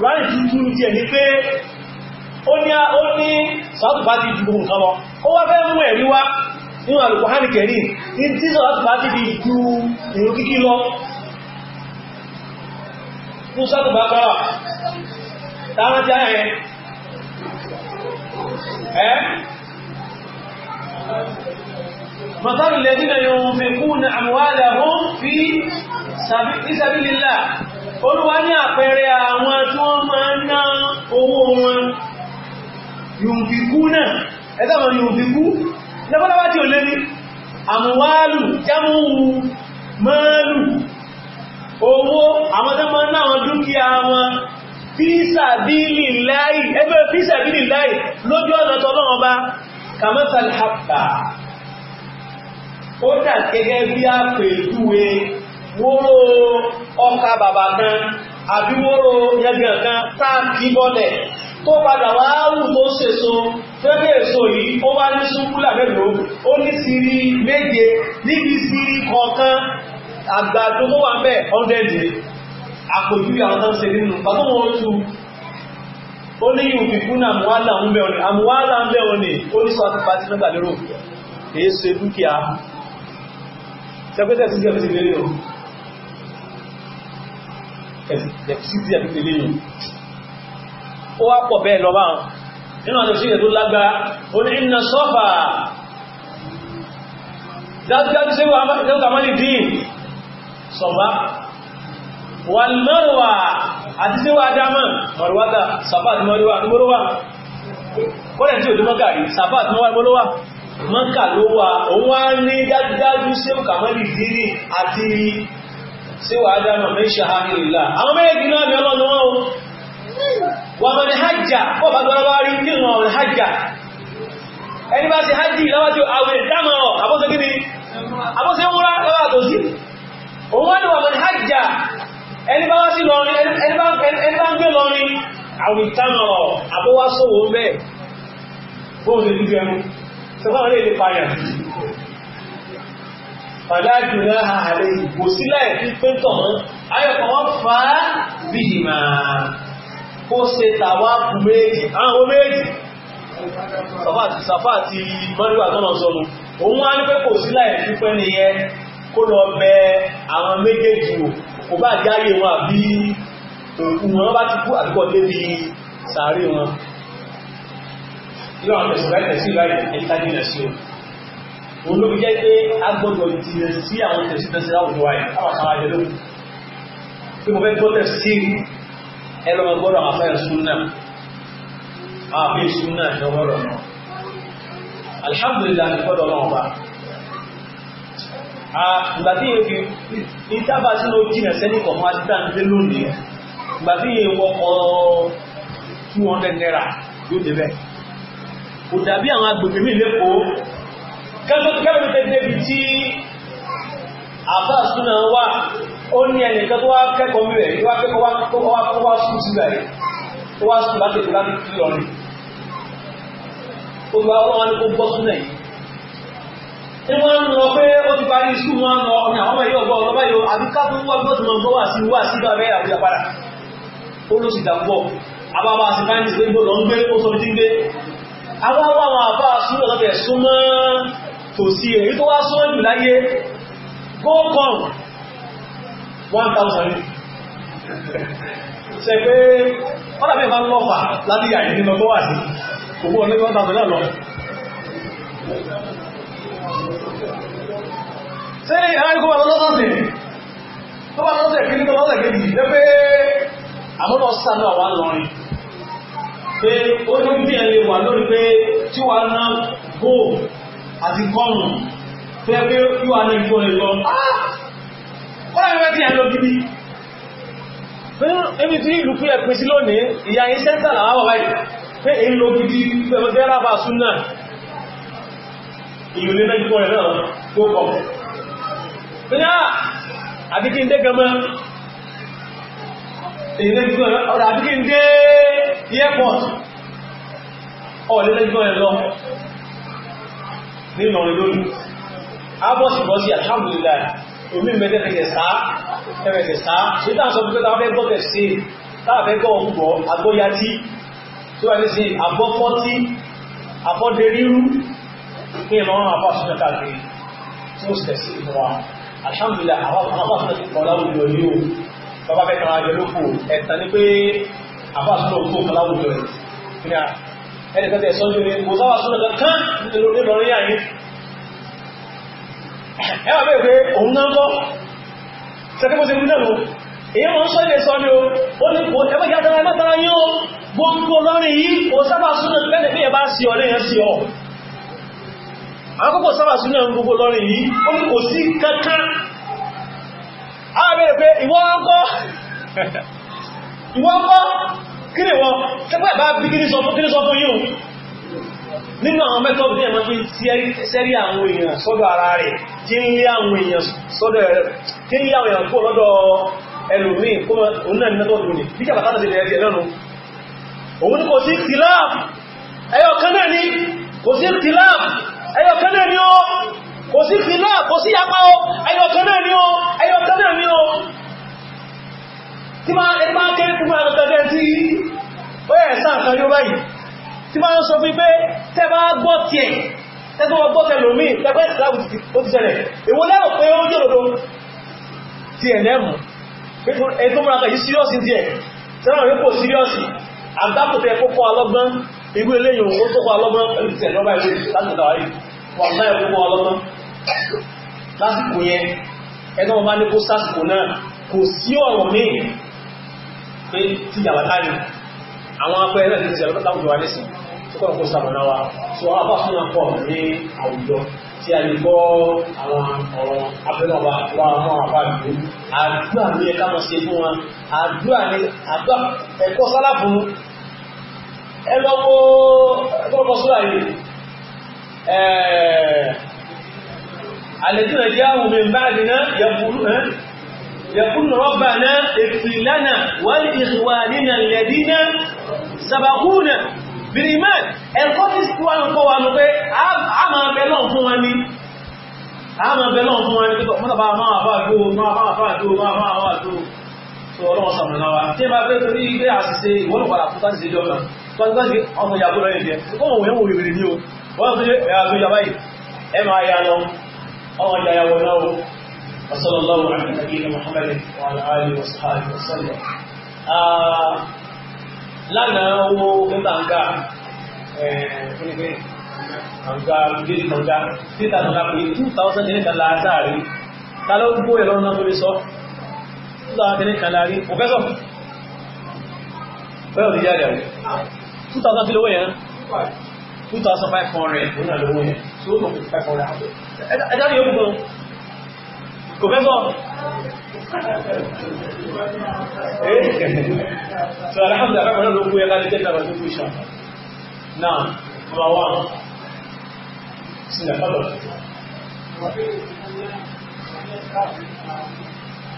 kùránì ti tú ti ẹ̀ ní pé ó ní sọ́tù bá ti ju gbogbo nǹkan lọ ó wá fẹ́ mú ẹ̀rí wá nínú Al-Qur'ani Karim ní tí sọ́tù bá ti fi ju èrò kíkí lọ fún sọ́tù bá kọ́rọ̀ tààrà ti ayẹ ẹ́ مثل الذين ينفقون أموالهم في سبيل الله olúwa ní àpẹẹrẹ àwọn yùnfikú náà ẹgbẹ́mọ̀ yùnfikú lẹ́gbọ́láwá tí ó lé ní àmúwálù jámúwù mọ́lù owó àwọn tó mọ́ náà dúkìá wọn físàbílì láì ẹgbẹ́ físàbílì láì lójú ọ̀nà tọ́lọ́wọ́ bá kàmọ́sàl hàbà ó dà gẹ́gẹ́ bí a pèlúwe wóró ọkà bàbà kan àbí wóró yẹgbẹ̀ kan táà bọ́lẹ̀ tó padà wá rù tó ṣèso fẹ́rẹ́ èso yìí ó wá ní ṣúkúlà mẹ́lòó ó ní sírí méje níbi sírí kọ̀ọ̀kan àgbàdo tó wà mẹ́ ọ̀dẹ́dẹ̀ àpòjúwe àwọn tán ṣe nínú pàtó wọn tú ó ní yìí òfìfún ní àmúwálà ń bẹ̀ ọ̀nì àmúwálà ń bẹ̀ ọ̀nì ó ní sọ àti pàtí mẹ́gbà lérò kìí ṣe dúkìá sẹpẹtẹ sísẹ fi ti lé lé o ẹsì ti lé lé o ó wá pọ̀ bẹ́ẹ̀ lọ báwọn nínú àwọn òṣèrè tó lágbá ó ní iná sọ́fà dájúdájú sí ìwọ̀n àmàlì dín sọ̀bá wà lọ́rọ̀wà àti sí wà dámà mọ̀rọ̀wátà sàbá àti mọ̀rọ̀wà gbọ́rọ̀wà kọ́rẹ̀ tí ò tó mọ́kà rí sàbá àti mọ̀rọ̀wà mọ́kà ló wà òun wá ní dájúdájú sí ìwọ̀n àmàlì dín àti sí dámà mẹ́ṣà wà mọ̀ ní hajjá pọ̀pàá tó lọ́wọ́ rí kí wọ́n rẹ̀ hajjá ẹni bá ti hajjí lọ́wọ́jú àwẹ̀ dámọ̀rọ̀ àbọ́sọ gíní àbọ́sọ múra lọ́wọ́ àtòsí òun wọ́n ni wà mọ̀ ní hajjá ẹni bá wá sí lọrin ẹni bá ń gbé lọrin àwẹ̀ dámọ̀rọ̀ àbọ́wásọ̀wò ń bẹ́ẹ̀ bóun ṣe dúdú ẹnu sọfọ́n lè ìgbòsílẹ̀ pípẹ́ntọ̀ mọ́ ayọ̀kọ̀ wọ́n fà á bìí kó ṣe tàwáàpù méjì àwọn méjì sàfà àti mọ́ríwà tọ́nà sọ́nu òun wá ní pé kò sí láì fífẹ́ nìyẹ kó lọ bẹ àwọn méjèèjì wò kò bá jáyé wọn àbí òkú wọn bá ti kú àbíkọ́ débi sàárè wọn ilé àwọn ẹ̀sìn láìpẹ́ sí ìbáyìí ẹ̀ńtánìlẹ̀ sí o òun ló fi jẹ́ pé a gbọ́dọ̀ jìnnà sí àwọn tẹ̀sí tẹ̀sí láwùjọ wáyé àwọn àṣà wáyé lónìí pé mo fẹ́ gbọ́ tẹ̀sí ẹlọ́mọ gbọ́dọ̀ àfẹ́ súnà àfẹ́ súnà ẹgbọ́dọ̀ náà alhamdulillah gbọ́dọ̀ náà bá ìgbà tí yẹn fi ìjábá sínú jìnà sẹ́ni kọ̀ọ̀kan àti dáńdé lónìí ìgbà tí yẹn wọ ọ̀ọ́ 200 naira yóò débẹ̀ kò dàbí àwọn agbègbè mí lẹ́kọ̀ọ́ kẹ́lọ́kẹ́lọ́ ó ní ẹnìkan tó wá kẹ́kọ̀ọ́ mi rẹ̀ tó wá kẹ́kọ̀ọ́ wá tó wá tó wá sùn sí rẹ̀ tó wá sùn láti ètò láti fi lọ́rin gbogbo àwọn wọn ni kó gbọ́ sún ẹ̀yìn tí wọ́n ń lọ pé ó ti parí sùn wọn lọ ní àwọn ọmọ yìí ọgbọ́n ọlọ́bá yìí àbí káàkó wọ́n gbọ́ tó máa gbọ́ wà sí wà sí bàbá ẹ̀ àbújá padà ó ló sì dàgbọ́ àbábá àti báyìí pé gbọ́dọ̀ ń ti gbé àwọn come one thousand ṣe pé wọ́n tàbí ìbá lọ́fà láti àyè nínú tó wà òkú ọ̀nà ìwọ́n tàbí náà lọ ṣe ìrànkó wà lọ́sọ̀sẹ̀ tó bá lọ́sẹ̀ kí ní tó kejì jẹ́ pé àmúlọ sánú àwa lọrin pé ó ní bí ẹ lè wà lórí pé tí wà ná góò àti kọ́nù fẹ́ pé yóò wà ní ìfọ́ ìlọ wọ́n láwọn ẹgbẹ́ ìyàn lọ gidi ebi tí ìlú fún ẹ̀pẹ́ sí lónìí ìyá yìí sẹ́ńtà làwọn bàbá yìí pé èyí lọ gidi pẹ̀lú rábà súnà ìlú lé mẹ́jọ́ rẹ̀ náà kó kọ̀ pé á àdíkí ń dé gẹmọ́ èyí lẹ́jọ́ rẹ̀ ọ̀rọ̀ àdíkí ń dé airport ọ̀lẹ́ lẹ́jọ́ rẹ̀ lọ nílọrin lójú abọ́sibọ́sí alhamdulillah èmi mẹ́lẹ́ fẹ̀kẹ̀ sá fẹ̀kẹ̀ sá ṣe tá sọ pé táwọn ẹgbọ́tẹ̀ sí táàfẹ́ gbọ́ ọgbọ̀ agbóyatí tí wà ní sí àgbọ́fọ́tí àfọ́dẹ̀rírú pé ìmọ̀ràn àfáṣúná káàkiri tí ó sẹ̀ sí ìmọ̀ àṣàmìlà àfáṣúná ti kọ̀ láwùjọ ní o bàbá fẹ́ kan ajọ lóko ẹ̀tàn ni pé àfáṣúná kó kan láwùjọ ẹ̀ ẹnìkan tẹ̀ sọ́jú ni mo sáwà ẹwà bẹ́ẹ̀ pé òun náà kọ́ sẹ́kẹ́kọ́sẹ́ mú náà èyí wọ́n sọ ilẹ̀ sọ ní o ó ní kò ẹgbẹ́ ìyàtọ̀ ẹgbẹ́tara yín o gbogbo lọ́rin yìí kò sábà súnà lẹ́nìí pé ẹbá sí ọ̀lẹ́ yẹn sí ọ àkókò sábà súnà gbogbo lọ́rin yìí ó ní kò sí kankan (laughs) nínú àwọn mẹ́tọ́dù ní ẹ̀mọ́ fi sẹ́rí àwọn èèyàn sọ́dọ̀ ara rẹ̀ tí ń lé àwọn èèyàn sọ́dọ̀ rẹ̀ tí ń lé àwọn èèyàn kó lọ́dọ̀ ẹlòmíì kó òun náà ní mẹ́tọ́dù ní bí jàpátá ti rẹ̀ ni kò sí tìláàpù ẹyọ kan náà ni ó kò sí tìláàpù kò sí yapa ó ẹyọ kan náà ni ó ẹyọ kan náà ni ó tí máa ń sọ fún pé tẹ́bá gbọ́ ti ẹ̀ tẹ́bá gbọ́ tẹ lòmí tẹ́bá ìsìláàbù ó ti ṣẹlẹ̀ èwo lẹ́rọ pé ó jẹ́ òdodo ti ẹ̀ lẹ́mù ẹni tó múra kàyí síríọ́sì ti ẹ̀ tẹ́lá rẹ̀ kò síríọ́sì àgbàkùtẹ̀ kókó alọ́gbọ́n ìgbé eléyìn owó tó kó alọ́gbọ́n pẹ̀lú ti ẹ̀lọ́gbà ilé láti dàwárí wà láì kókó alọ́gbọ́n lásìkò yẹn ẹni wọn bá ní kó sásìkò náà kò sí ọ̀rọ̀ míì pé ti yàwátá ni àwọn apẹ́ ẹ̀rẹ́ ti ti ẹ̀lọ́gbà láwùjọ wa nísìnyí kọ́ kó sàmọ̀nà wa tí wọ́n bá fún àpọ̀ ní àwùjọ tí a lè gbọ́ àwọn ọ̀rọ̀ abẹ́nàwà wà mọ́ àbájú àdúrà ní ẹ̀ká mọ̀ sí fún wọn àdúrà ní àdúrà ẹ̀kọ́ sálàbùn ẹlọ́wọ́ ẹgbọ́n sọ́lá yìí àlejò nàìjíríà wù mí bá àdínà yẹ̀kún bìrìmán ẹ̀kọ́ tí wà ń kọ́ wa ló pé a máa bẹ náà fún wa ní a máa bẹ náà fún wa ní pẹ́tọ̀ mọ́tàbá máa bá dó máa bá bá dó máa bá bá dó tó ọlọ́wọ́ sàmùnà wa tí bá fẹ́ torí pé àṣìṣe ìwọ́n padà fún táṣìṣe jọ kan tọ́jú ọmọ ìyàgbó lọ yẹn jẹ kó wọn wọ́n wòye wèrè ní o wọ́n tó yẹ àgbé yaba yìí ẹ máa ya lọ ọmọ ìjà yàwó náà o wasallallahu alaihi wa sallam ah, lánàá owó nítàǹgà ẹ̀ẹ́dẹ́gbẹ́ àǹgà gírí kàǹgà títà kàǹgà pé 2000 ní kàǹgà àtàrí ta ló gbó ẹ̀rọ náà tó lè sọ ní kàǹgà rí pòfẹ́sọ̀ bẹ́ẹ̀ òdíjà rẹ̀ 2000 kí lówó 2500 2500 kò fẹ́ sọ so alhamdulillah bákan náà ló kú ẹka lẹ́jẹ́ tàbí tó kú ìṣà náà ọmọ wa sílẹ̀ fọ́lọ̀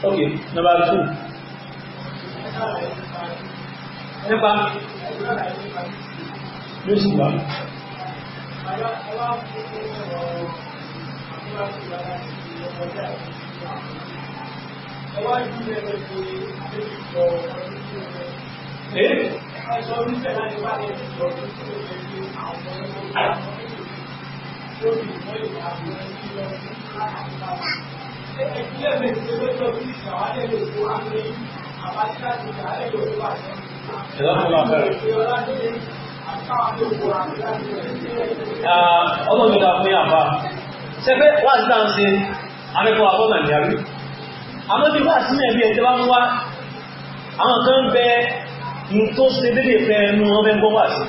ok number two nípa yóò sì wá Thank you. Ah, ọlọ́run ló dá fún yàrá. Ṣé fẹ́ wá sí dáhùn sí amẹ́kọ̀ọ́ àbọ̀ nàìjíríà àmọ́ bí wá sínú ẹ̀bí ẹ̀jẹ̀ bá ń wá àwọn kan ń bẹ ní tó ṣe dédé fẹ́ ẹnu wọn bẹ́ ń gbọ́ wà sí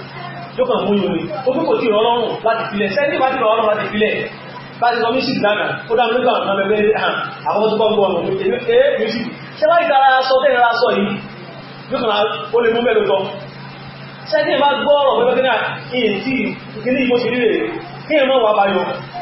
yóò kàn fún yomi ó fún kò tí ọlọ́run láti filẹ̀ sẹ́ni bá ti lọ ọlọ́run láti filẹ̀ bá ti lọ mísìlì dáná ó dá mi lókè àwọn ọmọ ẹgbẹ́ hàn àwọn tó bá gbọ́ ọmọ ẹgbẹ́ ẹ̀ẹ́ mísìlì ṣé wáyé dára sọ tẹ́lẹ̀ ra sọ yìí yóò kàn ó lè mú bẹ́ẹ̀ lójọ sẹ́ni bá gbọ́ ọ̀rọ̀ pẹ́pẹ́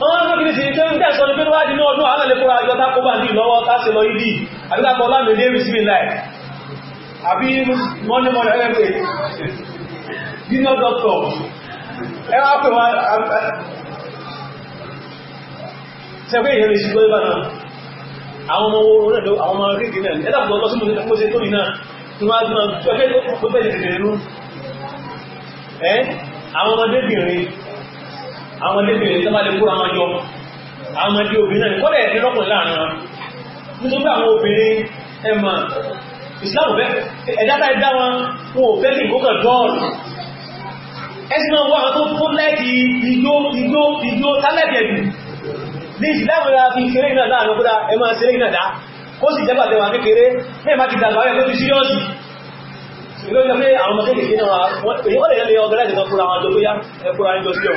wọ́n ló kìí sí tó ń tẹ́sọ ní pínwá dínú ọdún àwọn ẹlẹ́kọ́ra àjọ tákóbà ní ìlọ́wọ́ tásì lọ ìdí àbíkàkọ́ lámẹ́lẹ́ rìsíwì láì àbí mọ́ní mọ́ní ẹgbẹ́ dínú dọ́tọ̀ ẹwà pè wá sẹ́gbẹ́ ìyẹn lè ṣígbọ́ ìbá náà àwọn ọmọ owó rẹ̀ àwọn ọmọ rídì náà ẹ̀dà pọ̀ lọ símú nípa ṣe tóbi náà tí wọ́n á gbọ́n tó ẹgbẹ́ tó pẹ́ àwọn lébìnrin tó bá lè kóra wọn jọ àwọn ọmọdé obìnrin náà kọ́lẹ̀ ẹ̀dẹ́ lọ́kùnrin láàrin wọn nítorí àwọn obìnrin ẹ̀mà Islam fẹ́ ẹ̀dá tá ẹ̀dá wọn wọn ò fẹ́ kí nǹkan kan dọ́ọ̀lù ẹ̀sìn náà wọ́n tó tó lẹ́ẹ̀kì igbó igbó igbó tálẹ̀kì ẹ̀dù ní ìsìláàmù ya fi ṣeré náà dáa lọ́kúdá ẹ máa ṣeré náà dáa ó sì jẹ́gbà tẹwà kékeré mẹ́ẹ̀ má ti dàgbà rẹ̀ lórí síríọ́sì ìlú ìjọ pé àwọn ọmọ kékeré náà wọ́n lè yẹ ọgọ́rẹ́ ìjọba fúra wọn jọ bóyá ẹkùnrin jọ sí ọ̀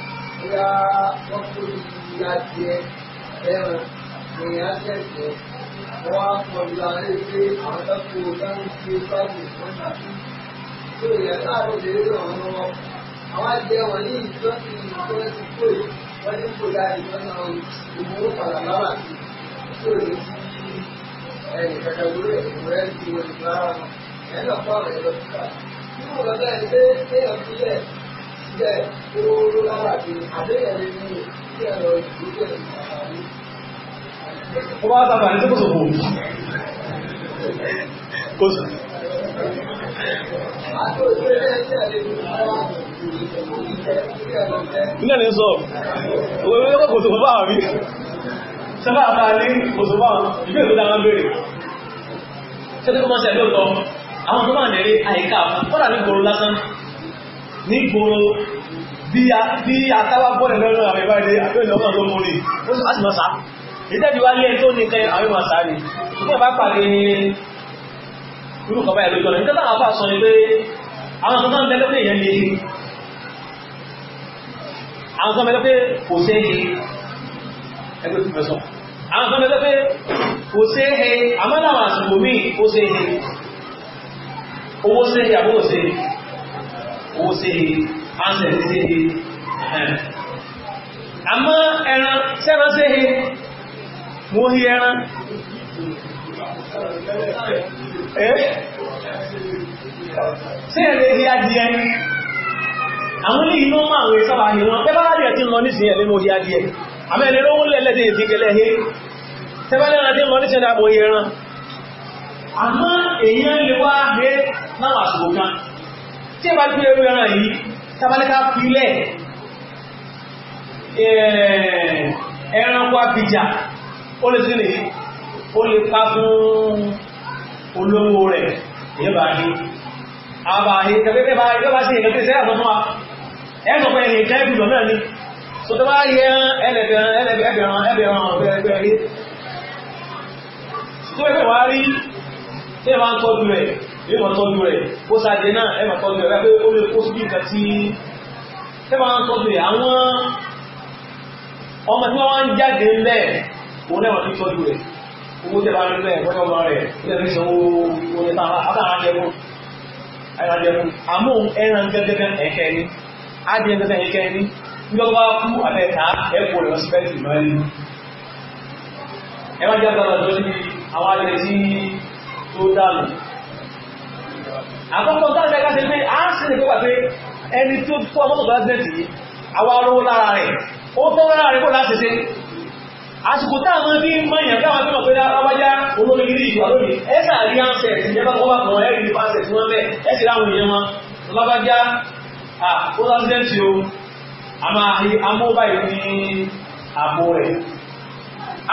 bóyá wọ́n tó ti adìẹ ẹran ìrìn àjẹjẹ wọ́n á kọ ìlànà pé àwọn tọ́kù dáhùn sí báàbù wọn tàbí tó ìyẹn láàárọ̀ lérè ọ̀hún lọ́wọ́. àwọn adìẹ wọn ní ìjọsìn ìjọsìn pé wọ́n ní kó ya ìjọsìn ìmúrò padà lára sí tó lè fi ẹnì kankan lórí ìwúrẹ́ ti wọlé lára wọn. ẹ̀yìn náà fọ́ àwọn ẹ̀rọ kíkà. nígbà tó ń bẹ́ẹ̀ ṣe é jẹ́ ooru láwàdí àbẹ́yẹ̀lẹ́ ní kí ẹ̀rọ ìgbókè àtàrí. Ó bá sábà ní tó sòfò. Kó sì. Ilé ni sọ, òwe wíwọ́ kò sòfò báwọn rí. Sábà bá ní kò sòfò báwọn, ìgbé dáná béèrè. Ṣé tí kò máa ṣe ẹ̀dọ́ tọ́? Àwọn tó máa nẹ̀rí àyíká, kọ́dà ní gbòòrò lásán nígboro bí atábábọ́ọ̀lẹ̀ lọ́rọ̀ àwọn ìbáyé àbẹ́lẹ̀ ọmọ ló múrí ó sì máa sá ìtẹ́jú wáyé tó ní kẹ́ àwọn ìmọ̀ sá rí ìpínlẹ̀ bá ni pé àwọn kan náà bẹ́ẹ̀ pé èèyàn lè rí àwọn kan bẹ́ẹ̀ pé kò sé he ẹgbẹ́ tó fẹ́ sọ àwọn kan bẹ́ẹ̀ pé kò sé he àmọ́ láwọn àsìkò he owó sé he àbúrò sé he ó ṣe ánsẹ̀ ṣe àmọ́ ẹran sẹ́ran ṣe he mo hí ẹran ṣe ẹ̀rẹ́ hí adìẹ àwọn ilé iná máa wé sábà hí wọn tẹ́bá adìẹ ti lọ ní ìsìnyẹ̀ nínú hí adìẹ àmẹ́rin lówó lẹ́lẹ́dẹ̀ ìdíkẹlẹ́ hí tẹ́bá lẹ́ran tí lọ ní ìsìnyẹ̀ àmọ́ èèyàn lè wá hé láwọn àsìkò kan tí ẹ bá gbé ẹrú ẹran yìí tabalẹ́ká filẹ̀ eh, ẹranko abidjan ó lè sílè ó lè pa fún olówó rẹ̀ yẹ́bà ní àbà ìtẹ̀lẹ́tẹ̀ bá yọ́bà sí ìrẹ́tẹ̀ sẹ́yà tó fún wa ẹnu pé ní ìtẹ́ ìbùdó náà ni so tó bá yẹ ẹlẹ́bẹ̀rán ẹlẹ́bẹ̀rán ẹlẹ́bẹ̀rán ọ̀bẹ̀rẹ̀ tó ẹgbẹ̀ wá rí tí ẹ máa ń tọ́jú rẹ̀ ẹ máa tọ́jú rẹ̀ kó sáde náà ẹ máa tọ́jú rẹ̀ pé ó lè kó síbi nǹkan tí ẹ máa tọ́jú rẹ̀ àwọn ọmọ tí wọ́n wá ń jáde ńlẹ̀ òun náà wọ́n fi tọ́jú rẹ̀ owó tẹ̀ bá nílẹ̀ bọ́jọ́ ọmọ rẹ̀ ilẹ̀ fi sanwó oye tá a bá jẹun ẹran jẹun àmọ́ ẹran gẹ́gẹ́ ẹ̀kẹ́ ni adìẹ gẹ́gẹ́ ẹ̀kẹ́ ni nígbà bá kú àbẹ̀ta ẹ̀kọ́ rẹ̀ lọ́sí bẹ́ẹ̀ tì jẹ́ gbọ́dọ̀ tó ní àwọn adìẹ tó dànù àkọ́kọ́ táwọn ẹ̀ka ṣe pé a ń ṣe nípa pé ẹni tó fọ́ mọ́tò tó lásìlẹ̀ tì í àwa arówó lára rẹ̀ ó fẹ́ lára rẹ̀ kó láti ṣe àsìkò táwọn bí mọ̀nyàn káwọn bí mọ̀ pé lábájá olórí gidi ìwà lónìí ẹ sàrí ansẹ̀ ìjọba kọ́ bá kàn ẹ́ rí ansẹ̀ tí wọ́n bẹ̀ ẹ sì ráwọn èèyàn wọn lábájá ó lásìlẹ̀ tì ó a máa rí amóbá yìí ní àbò rẹ̀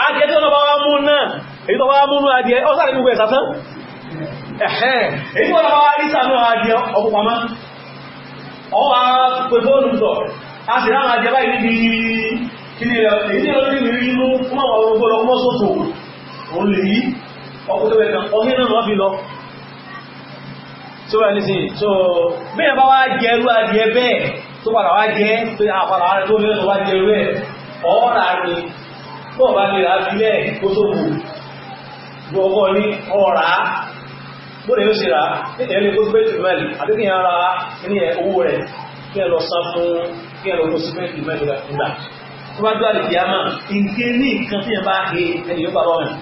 adìẹ tí wọ́n bá wá mú náà èyí tó bá wá mú náà adìẹ ọ ẹ̀hẹ́n èyí wọ́n lọ́wọ́ rí sàánú àjẹ ọ̀pọ̀pamọ́ ọwọ́ pé fóònù sọ a sì ráwọn àjẹ báyìí níbi kíní rẹ̀ èyí ni olórí mi rí inú fún àwọn ọmọ ọgbọ́n ọmọ sọ́tò òun lè yí ọkùnrin bẹ̀rẹ̀ kan ọmọ náà wọ́n fi lọ tó rẹ̀ ní sí so bẹ́ẹ̀ bá wá jẹ irú adìẹ bẹ́ẹ̀ tó padà wá jẹ pé àpàlà rẹ̀ tó lẹ́nu wá jẹ irú ẹ̀ ọwọ́ rà ní bọ́ọ̀ bá lè rà fi lẹ́ẹ̀ kó tó wù gbọ́gbọ́ ní ọ̀rá bóde yóò ṣe rà ẹni kó pé tìmẹ́lì àti kí ara ní owó rẹ̀ kí ẹ lọ san fún kí ẹ lọ kó sí pé tìmẹ́lì rẹ̀ fún gbà tó bá gbà lìdí àmà nǹkan ní nǹkan tí ẹ bá he ẹni yóò pàrọ̀ rẹ̀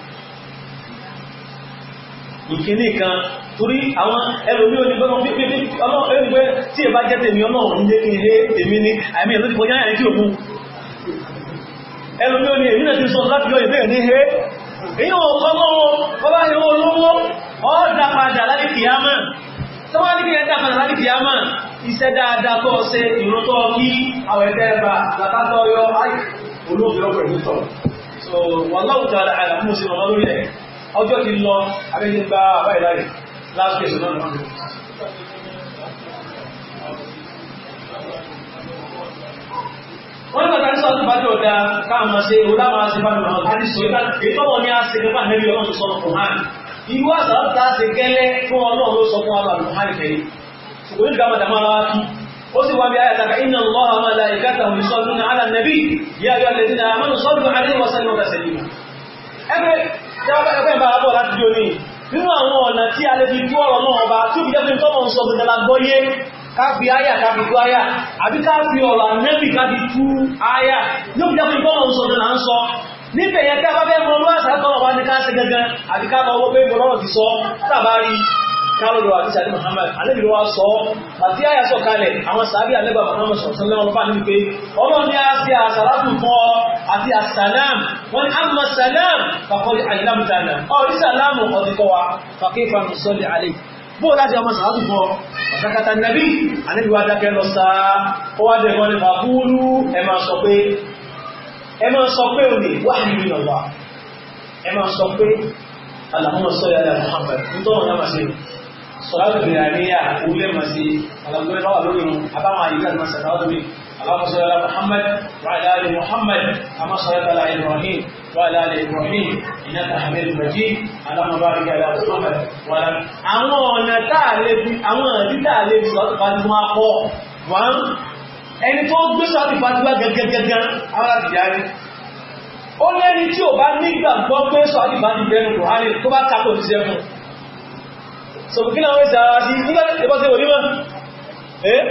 nǹkan ní nǹkan torí àwọn ẹlòmí ò ní gbọ́nà pípípí ọmọ ẹgbẹ́ tí ẹ bá jẹ́ tèmi ọmọ òun lé ní ilé tèmi ní àmì ẹ̀ ló ti kọjá ẹ̀ tí òun ẹlòmí ò ní èmi náà ti sọ láti yọ ìbéèrè ní he èyí ò kọ́ mọ́ wọn bá yẹ owó lówó ó dá padà láti kìyàmà tó wá níbi ẹ̀dá padà láti kìyàmà iṣẹ́ dáadáa tó ṣe ìrótọ́ kí àwọn ẹgbẹ́ ẹ̀bà látàtọ̀ yọ láì olóògbé ọkọ̀ ìrútọ̀ so wọ́n láwùjọ àlàmú sí ọmọ lórí ẹ̀ ọjọ́ ti lọ abẹ́ni gba àbáyé láyé last case náà wọ́n ní bàtà nísọ̀ àtúbà tó da káàmà ṣe olámà ṣe bá mi lọ́wọ́ irú àṣà láti láti gẹ́lẹ́ fún ọlọ́run ló sọ fún wa lọ́rùn hàn kẹ́yìn òun ìgbà mọ̀dà máa wá kí ó sì wá bí ayàtà ká iná lọ́ àmà láì kátà òun sọ́dún ní àlà nàbí yíyá bí ọlẹ́dí náà àmọ́ sọ́dún àlẹ́ wọn sẹ́ni wọn sẹ́ni wọn. ẹgbẹ́ ẹgbẹ́ ìbára bọ̀ láti di òní nínú àti ká lọ wọ́pẹ́ ìbọn lọ́rọ̀ ti sọ tàbá rí kálọ̀dọ̀ àti sàdé Muhammad alẹ́bí ló wá sọ àti àyà sọ kalẹ̀ àwọn sàbí alẹ́bà Muhammad sọ̀tún lẹ́wọ̀n fà níbi pé ọlọ́run ní a ṣe àṣàlátù àti àṣàlám wọn ni àmà sàlám fàkọ́lì àyìnlámùtànà ọ̀rí sàlámù ọ̀dìkọ́ wa fàkẹ́ fàmì sọ́lì alẹ́ bó láti ọmọ sàlátù fún ọ ọ̀sàkàtà nàbí alẹ́bí wa dákẹ́ lọ sáá ó wá dẹ̀ wọlé fàkúrú ẹ máa sọ pé ẹ máa sọ pé òní wà nínú ìlọ́wà ẹ máa sọ Allahumma salli ala Muhammad nítorí wọn náà máa ṣe sọ̀rọ̀ bẹ̀rẹ̀ àríyá òwúlẹ̀ máa ṣe alamgbẹ́rẹ́ bá wà lórí wọn àbáwọn àyíká ti máa ṣàtàwọ́ lórí Allahumma salli ala Muhammad wa ala ali Muhammad kama sallaita ala Ibrahim wa ala ali Ibrahim innaka hamidun majid Allahumma barik ala Muhammad wa ala. àwọn ọ̀nà táàlẹ́bí àwọn àdí táàlẹ́bí sọ̀rọ̀ bá ti máa kọ́ wọn ẹni tó gbé sọ̀rọ̀ ó lẹ́ni tí ò bá nígbàgbọ́ pé sọ àdìbá ní bẹ́ẹ̀nu kò hálẹ̀ tó bá tako ti jẹ́ fún sọ̀bùkí náà wẹ́sẹ̀ ara sí nígbà tí ó bá ṣe onímọ̀ ẹ̀hẹ̀n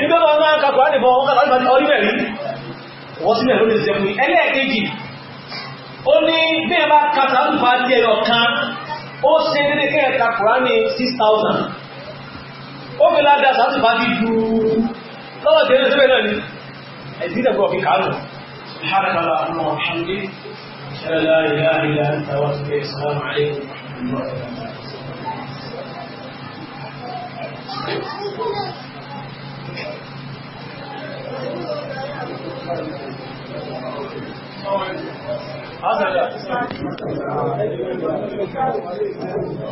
nígbà wọn máa kakò àdìbọ̀ wọn kàtà àdìbà orí mẹ́rin wọ́n sílẹ̀ ló lè jẹ́ fún ẹlẹ́ẹ̀kejì ó ní bí ẹ bá kàtà àdìbà di ẹyọ kan ó ṣe dédé kùránì 6000 ó fi ládàá sàtìbà di dúú lọ́wọ́ tẹ́lẹ̀ síbẹ̀ náà ni ẹ̀sìn ìdẹ̀kọ̀ fi kàánù سبحانك اللهم وبحمدك أشهد أن لا إله إلا أنت وأتوب السلام عليكم ورحمة الله وبركاته هذا